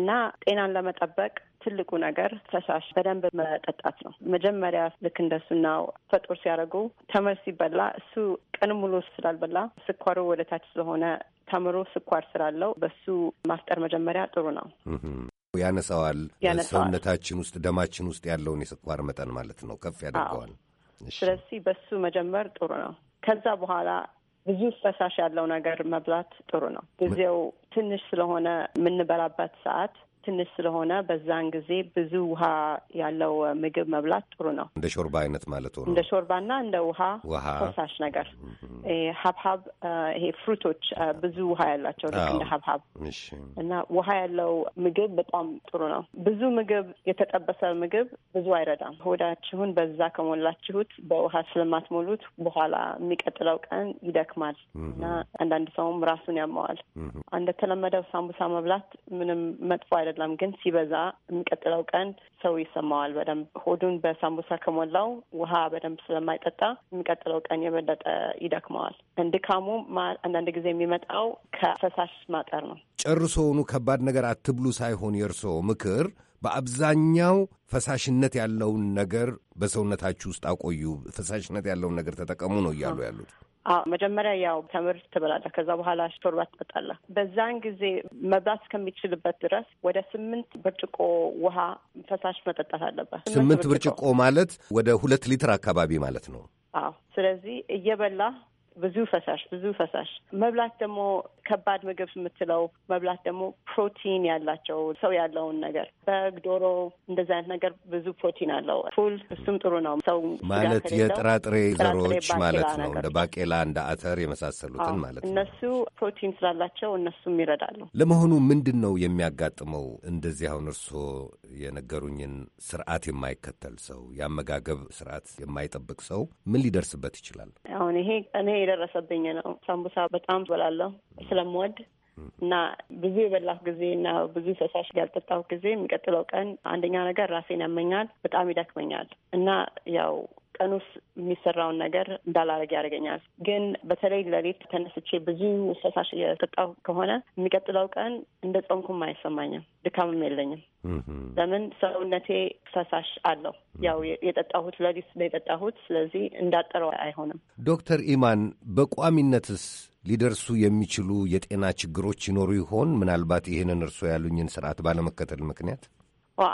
እና ጤናን ለመጠበቅ ትልቁ ነገር ፈሳሽ በደንብ መጠጣት ነው። መጀመሪያ ልክ እንደሱና ፈጦር ሲያደርጉ ተምር ሲበላ እሱ ቀን ሙሉ ስላልበላ ስኳሩ ወደ ታች ስለሆነ ተምሮ ስኳር ስላለው በሱ ማፍጠር መጀመሪያ ጥሩ ነው። ያነሳዋል፣ ሰውነታችን ውስጥ ደማችን ውስጥ ያለውን የስኳር መጠን ማለት ነው፣ ከፍ ያደርገዋል። ስለዚህ በሱ መጀመር ጥሩ ነው። ከዛ በኋላ ብዙ ፈሳሽ ያለው ነገር መብላት ጥሩ ነው። ጊዜው ትንሽ ስለሆነ የምንበላበት ሰዓት ትንሽ ስለሆነ በዛን ጊዜ ብዙ ውሃ ያለው ምግብ መብላት ጥሩ ነው። እንደ ሾርባ አይነት ማለት ነው። እንደ ሾርባና እንደ ውሃ ፈሳሽ ነገር ሀብሀብ፣ ይሄ ፍሩቶች ብዙ ውሃ ያላቸው ልክ እንደ ሀብሀብ እና ውሃ ያለው ምግብ በጣም ጥሩ ነው። ብዙ ምግብ፣ የተጠበሰ ምግብ ብዙ አይረዳም። ሆዳችሁን በዛ ከሞላችሁት በውሃ ስለማትሞሉት በኋላ የሚቀጥለው ቀን ይደክማል እና አንዳንድ ሰውም ራሱን ያመዋል። እንደተለመደው ሳምቡሳ መብላት ምንም መጥፎ አይደለም። አይደለም፣ ግን ሲበዛ የሚቀጥለው ቀን ሰው ይሰማዋል በደንብ ሆዱን በሳምቡሳ ከሞላው ውሃ በደንብ ስለማይጠጣ የሚቀጥለው ቀን የበለጠ ይደክመዋል። ድካሙ አንዳንድ ጊዜ የሚመጣው ከፈሳሽ ማጠር ነው። ጨርሶውኑ ከባድ ነገር አትብሉ ሳይሆን የእርሶ ምክር በአብዛኛው ፈሳሽነት ያለውን ነገር በሰውነታችሁ ውስጥ አቆዩ፣ ፈሳሽነት ያለውን ነገር ተጠቀሙ ነው እያሉ ያሉት። መጀመሪያ ያው ተምህርት ትበላለህ። ከዛ በኋላ ሾርባ ትጠጣለህ። በዛን ጊዜ መብላት እስከሚችልበት ድረስ ወደ ስምንት ብርጭቆ ውሃ ፈሳሽ መጠጣት አለበት። ስምንት ብርጭቆ ማለት ወደ ሁለት ሊትር አካባቢ ማለት ነው። አዎ ስለዚህ እየበላ ብዙ ፈሳሽ ብዙ ፈሳሽ መብላት ደግሞ ከባድ ምግብ የምትለው መብላት ደግሞ ፕሮቲን ያላቸው ሰው ያለውን ነገር በግ፣ ዶሮ እንደዚ አይነት ነገር ብዙ ፕሮቲን አለው። ፉል እሱም ጥሩ ነው። ሰው ማለት የጥራጥሬ ዘሮች ማለት ነው። እንደ ባቄላ፣ እንደ አተር የመሳሰሉትን ማለት ነው። እነሱ ፕሮቲን ስላላቸው እነሱም ይረዳሉ። ለመሆኑ ምንድን ነው የሚያጋጥመው እንደዚህ አሁን እርስዎ የነገሩኝን ስርዓት የማይከተል ሰው፣ የአመጋገብ ስርዓት የማይጠብቅ ሰው ምን ሊደርስበት ይችላል? አሁን ይሄ እኔ የደረሰብኝ ነው። ሳምቡሳ በጣም ትበላለሁ ስለምወድ እና ብዙ የበላሁ ጊዜ እና ብዙ ፈሳሽ ያልጠጣሁ ጊዜ የሚቀጥለው ቀን አንደኛ ነገር ራሴን ያመኛል፣ በጣም ይደክመኛል እና ያው ቀን ውስጥ የሚሰራውን ነገር እንዳላረግ ያደርገኛል። ግን በተለይ ለሌት ተነስቼ ብዙ ፈሳሽ የጠጣው ከሆነ የሚቀጥለው ቀን እንደ ጾምኩም አይሰማኝም፣ ድካምም የለኝም። ለምን ሰውነቴ ፈሳሽ አለው። ያው የጠጣሁት ለሊት የጠጣሁት ስለዚህ እንዳጠረው አይሆንም። ዶክተር ኢማን በቋሚነትስ ሊደርሱ የሚችሉ የጤና ችግሮች ይኖሩ ይሆን? ምናልባት ይህንን እርስዎ ያሉኝን ስርዓት ባለመከተል ምክንያት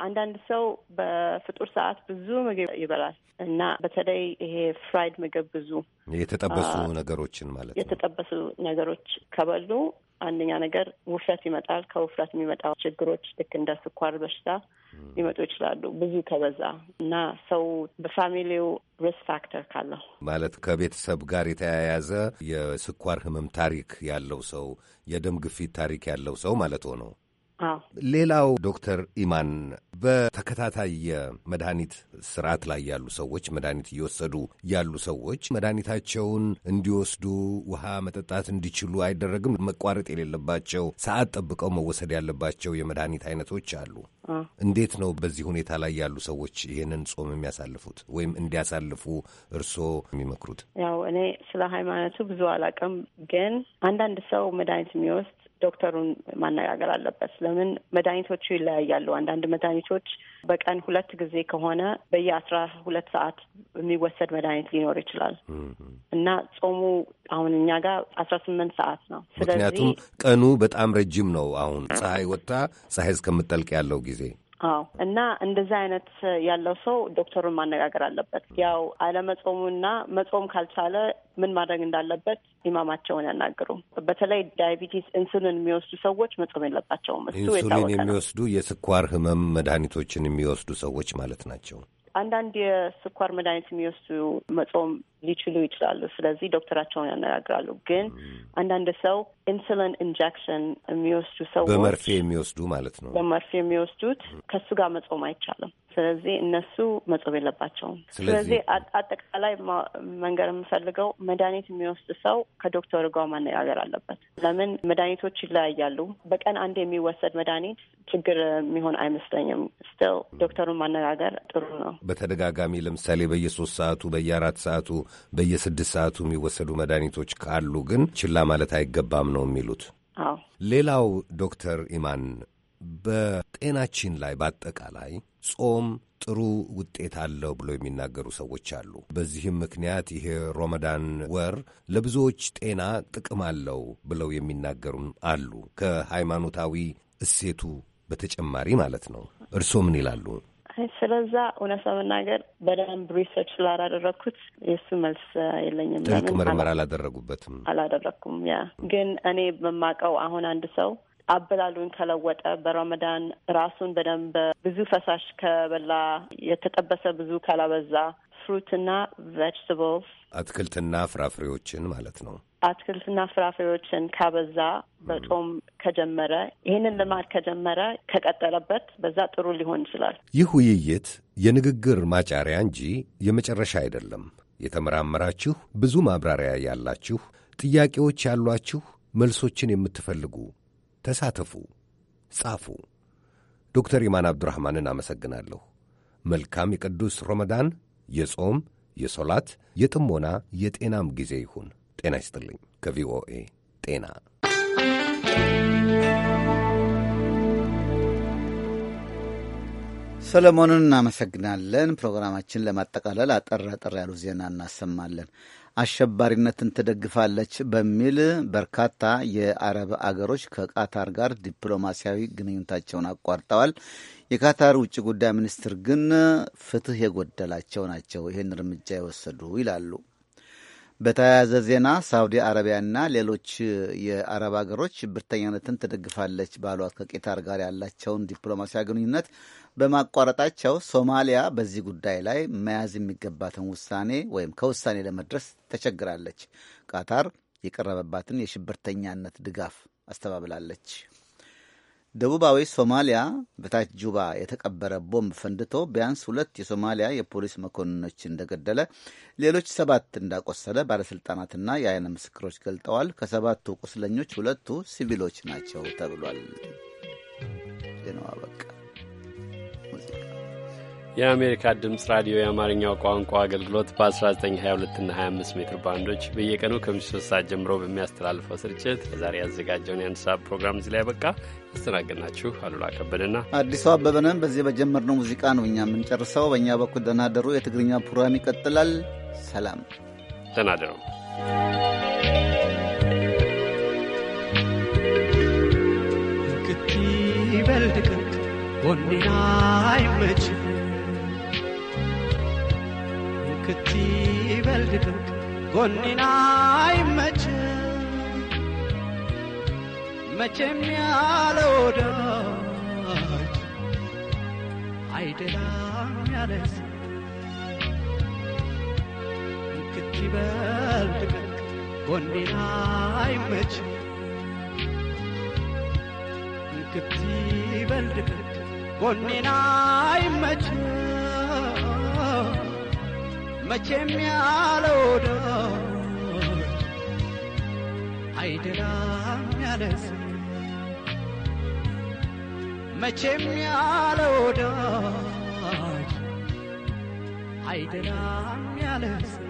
አንዳንድ ሰው በፍጡር ሰዓት ብዙ ምግብ ይበላል እና በተለይ ይሄ ፍራይድ ምግብ ብዙ የተጠበሱ ነገሮችን ማለት ነው። የተጠበሱ ነገሮች ከበሉ አንደኛ ነገር ውፍረት ይመጣል። ከውፍረት የሚመጣው ችግሮች ልክ እንደ ስኳር በሽታ ሊመጡ ይችላሉ። ብዙ ከበዛ እና ሰው በፋሚሊው ሪስክ ፋክተር ካለው ማለት ከቤተሰብ ጋር የተያያዘ የስኳር ህመም ታሪክ ያለው ሰው፣ የደም ግፊት ታሪክ ያለው ሰው ማለት ሆነው ሌላው ዶክተር ኢማን በተከታታይ የመድኃኒት ስርዓት ላይ ያሉ ሰዎች መድኃኒት እየወሰዱ ያሉ ሰዎች መድኃኒታቸውን እንዲወስዱ ውሃ መጠጣት እንዲችሉ አይደረግም። መቋረጥ የሌለባቸው ሰዓት ጠብቀው መወሰድ ያለባቸው የመድኃኒት አይነቶች አሉ። እንዴት ነው በዚህ ሁኔታ ላይ ያሉ ሰዎች ይህንን ጾም የሚያሳልፉት ወይም እንዲያሳልፉ እርስዎ የሚመክሩት? ያው እኔ ስለ ሃይማኖቱ ብዙ አላውቅም፣ ግን አንዳንድ ሰው መድኃኒት የሚወስድ ዶክተሩን ማነጋገር አለበት። ለምን መድኃኒቶቹ ይለያያሉ። አንዳንድ መድኃኒቶች በቀን ሁለት ጊዜ ከሆነ በየአስራ ሁለት ሰዓት የሚወሰድ መድኃኒት ሊኖር ይችላል እና ጾሙ አሁን እኛ ጋር አስራ ስምንት ሰዓት ነው። ምክንያቱም ቀኑ በጣም ረጅም ነው። አሁን ፀሐይ ወጥታ ፀሐይ እስከምጠልቅ ያለው ጊዜ አዎ እና እንደዚህ አይነት ያለው ሰው ዶክተሩን ማነጋገር አለበት። ያው አለመጾሙና መጾም ካልቻለ ምን ማድረግ እንዳለበት ኢማማቸውን ያናግሩ። በተለይ ዳያቢቲስ ኢንሱሊን የሚወስዱ ሰዎች መጾም የለባቸውም። እሱ ኢንሱሊን የሚወስዱ የስኳር ህመም መድኃኒቶችን የሚወስዱ ሰዎች ማለት ናቸው። አንዳንድ የስኳር መድኃኒት የሚወስዱ መጾም ሊችሉ ይችላሉ። ስለዚህ ዶክተራቸውን ያነጋግራሉ። ግን አንዳንድ ሰው ኢንሱሊን ኢንጀክሽን የሚወስዱ ሰው በመርፌ የሚወስዱ ማለት ነው። በመርፌ የሚወስዱት ከእሱ ጋር መጾም አይቻልም። ስለዚህ እነሱ መጾም የለባቸውም። ስለዚህ አጠቃላይ መንገድ የምፈልገው መድኃኒት የሚወስድ ሰው ከዶክተር ጋር ማነጋገር አለበት። ለምን መድኃኒቶች ይለያያሉ። በቀን አንድ የሚወሰድ መድኃኒት ችግር የሚሆን አይመስለኝም። ስትል ዶክተሩን ማነጋገር ጥሩ ነው። በተደጋጋሚ ለምሳሌ በየሶስት ሰዓቱ በየአራት ሰዓቱ በየስድስት ሰዓቱ የሚወሰዱ መድኃኒቶች ካሉ ግን ችላ ማለት አይገባም ነው የሚሉት። ሌላው ዶክተር ኢማን በጤናችን ላይ በአጠቃላይ ጾም ጥሩ ውጤት አለው ብሎ የሚናገሩ ሰዎች አሉ። በዚህም ምክንያት ይሄ ሮመዳን ወር ለብዙዎች ጤና ጥቅም አለው ብለው የሚናገሩም አሉ። ከሃይማኖታዊ እሴቱ በተጨማሪ ማለት ነው። እርስዎ ምን ይላሉ? ስለዛ እውነት ለመናገር በደንብ ሪሰርች ስላላደረግኩት የእሱ መልስ የለኝም። ጥልቅ ምርምር አላደረጉበትም አላደረግኩም። ያ ግን እኔ በማውቀው አሁን አንድ ሰው አበላሉን ከለወጠ በረመዳን ራሱን በደንብ ብዙ ፈሳሽ ከበላ የተጠበሰ ብዙ ካላበዛ ፍሩትና ቬጅታብልስ አትክልትና ፍራፍሬዎችን ማለት ነው። አትክልትና ፍራፍሬዎችን ካበዛ በጾም ከጀመረ ይህንን ልማድ ከጀመረ ከቀጠለበት በዛ ጥሩ ሊሆን ይችላል። ይህ ውይይት የንግግር ማጫሪያ እንጂ የመጨረሻ አይደለም። የተመራመራችሁ ብዙ ማብራሪያ ያላችሁ ጥያቄዎች ያሏችሁ መልሶችን የምትፈልጉ ተሳተፉ፣ ጻፉ። ዶክተር ኢማን አብዱራህማንን አመሰግናለሁ። መልካም የቅዱስ ረመዳን የጾም፣ የሶላት፣ የጥሞና፣ የጤናም ጊዜ ይሁን። ጤና ይስጥልኝ። ከቪኦኤ ጤና ሰለሞንን እናመሰግናለን። ፕሮግራማችን ለማጠቃለል አጠር አጠር ያሉ ዜና እናሰማለን። አሸባሪነትን ትደግፋለች በሚል በርካታ የአረብ አገሮች ከቃታር ጋር ዲፕሎማሲያዊ ግንኙነታቸውን አቋርጠዋል። የካታር ውጭ ጉዳይ ሚኒስትር ግን ፍትህ የጎደላቸው ናቸው ይህን እርምጃ የወሰዱ ይላሉ። በተያያዘ ዜና ሳውዲ አረቢያና ሌሎች የአረብ ሀገሮች ሽብርተኛነትን ትደግፋለች ባሏት ከቄታር ጋር ያላቸውን ዲፕሎማሲያዊ ግንኙነት በማቋረጣቸው ሶማሊያ በዚህ ጉዳይ ላይ መያዝ የሚገባትን ውሳኔ ወይም ከውሳኔ ለመድረስ ተቸግራለች። ቃታር የቀረበባትን የሽብርተኛነት ድጋፍ አስተባብላለች። ደቡባዊ ሶማሊያ በታች ጁባ የተቀበረ ቦምብ ፈንድቶ ቢያንስ ሁለት የሶማሊያ የፖሊስ መኮንኖች እንደገደለ ሌሎች ሰባት እንዳቆሰለ ባለሥልጣናትና የአይነ ምስክሮች ገልጠዋል። ከሰባቱ ቁስለኞች ሁለቱ ሲቪሎች ናቸው ተብሏል። ዜናው አበቃ። የአሜሪካ ድምፅ ራዲዮ የአማርኛው ቋንቋ አገልግሎት በ1922 እና 25 ሜትር ባንዶች በየቀኑ ከምሽቱ 3 ሰዓት ጀምሮ በሚያስተላልፈው ስርጭት ለዛሬ ያዘጋጀውን የአንድሳ ፕሮግራም እዚህ ላይ በቃ ያስተናገድናችሁ አሉላ ከበደና አዲሱ አበበነን። በዚህ በጀመርነው ሙዚቃ ነው እኛ የምንጨርሰው። በእኛ በኩል ደናደሩ። የትግርኛ ፕሮግራም ይቀጥላል። ሰላም፣ ደናደሩ ክትበልድ ድርቅ ጎኒና ይመች መቼም ያለ ወዳጅ አይደላም ያለስ ክትበልድ ድርቅ ጎኒና ይመች ክትበልድ ድርቅ ጎኒና ይመች መቼም ያለ ወዳጅ አይደላም ያለ መቼም አይደላም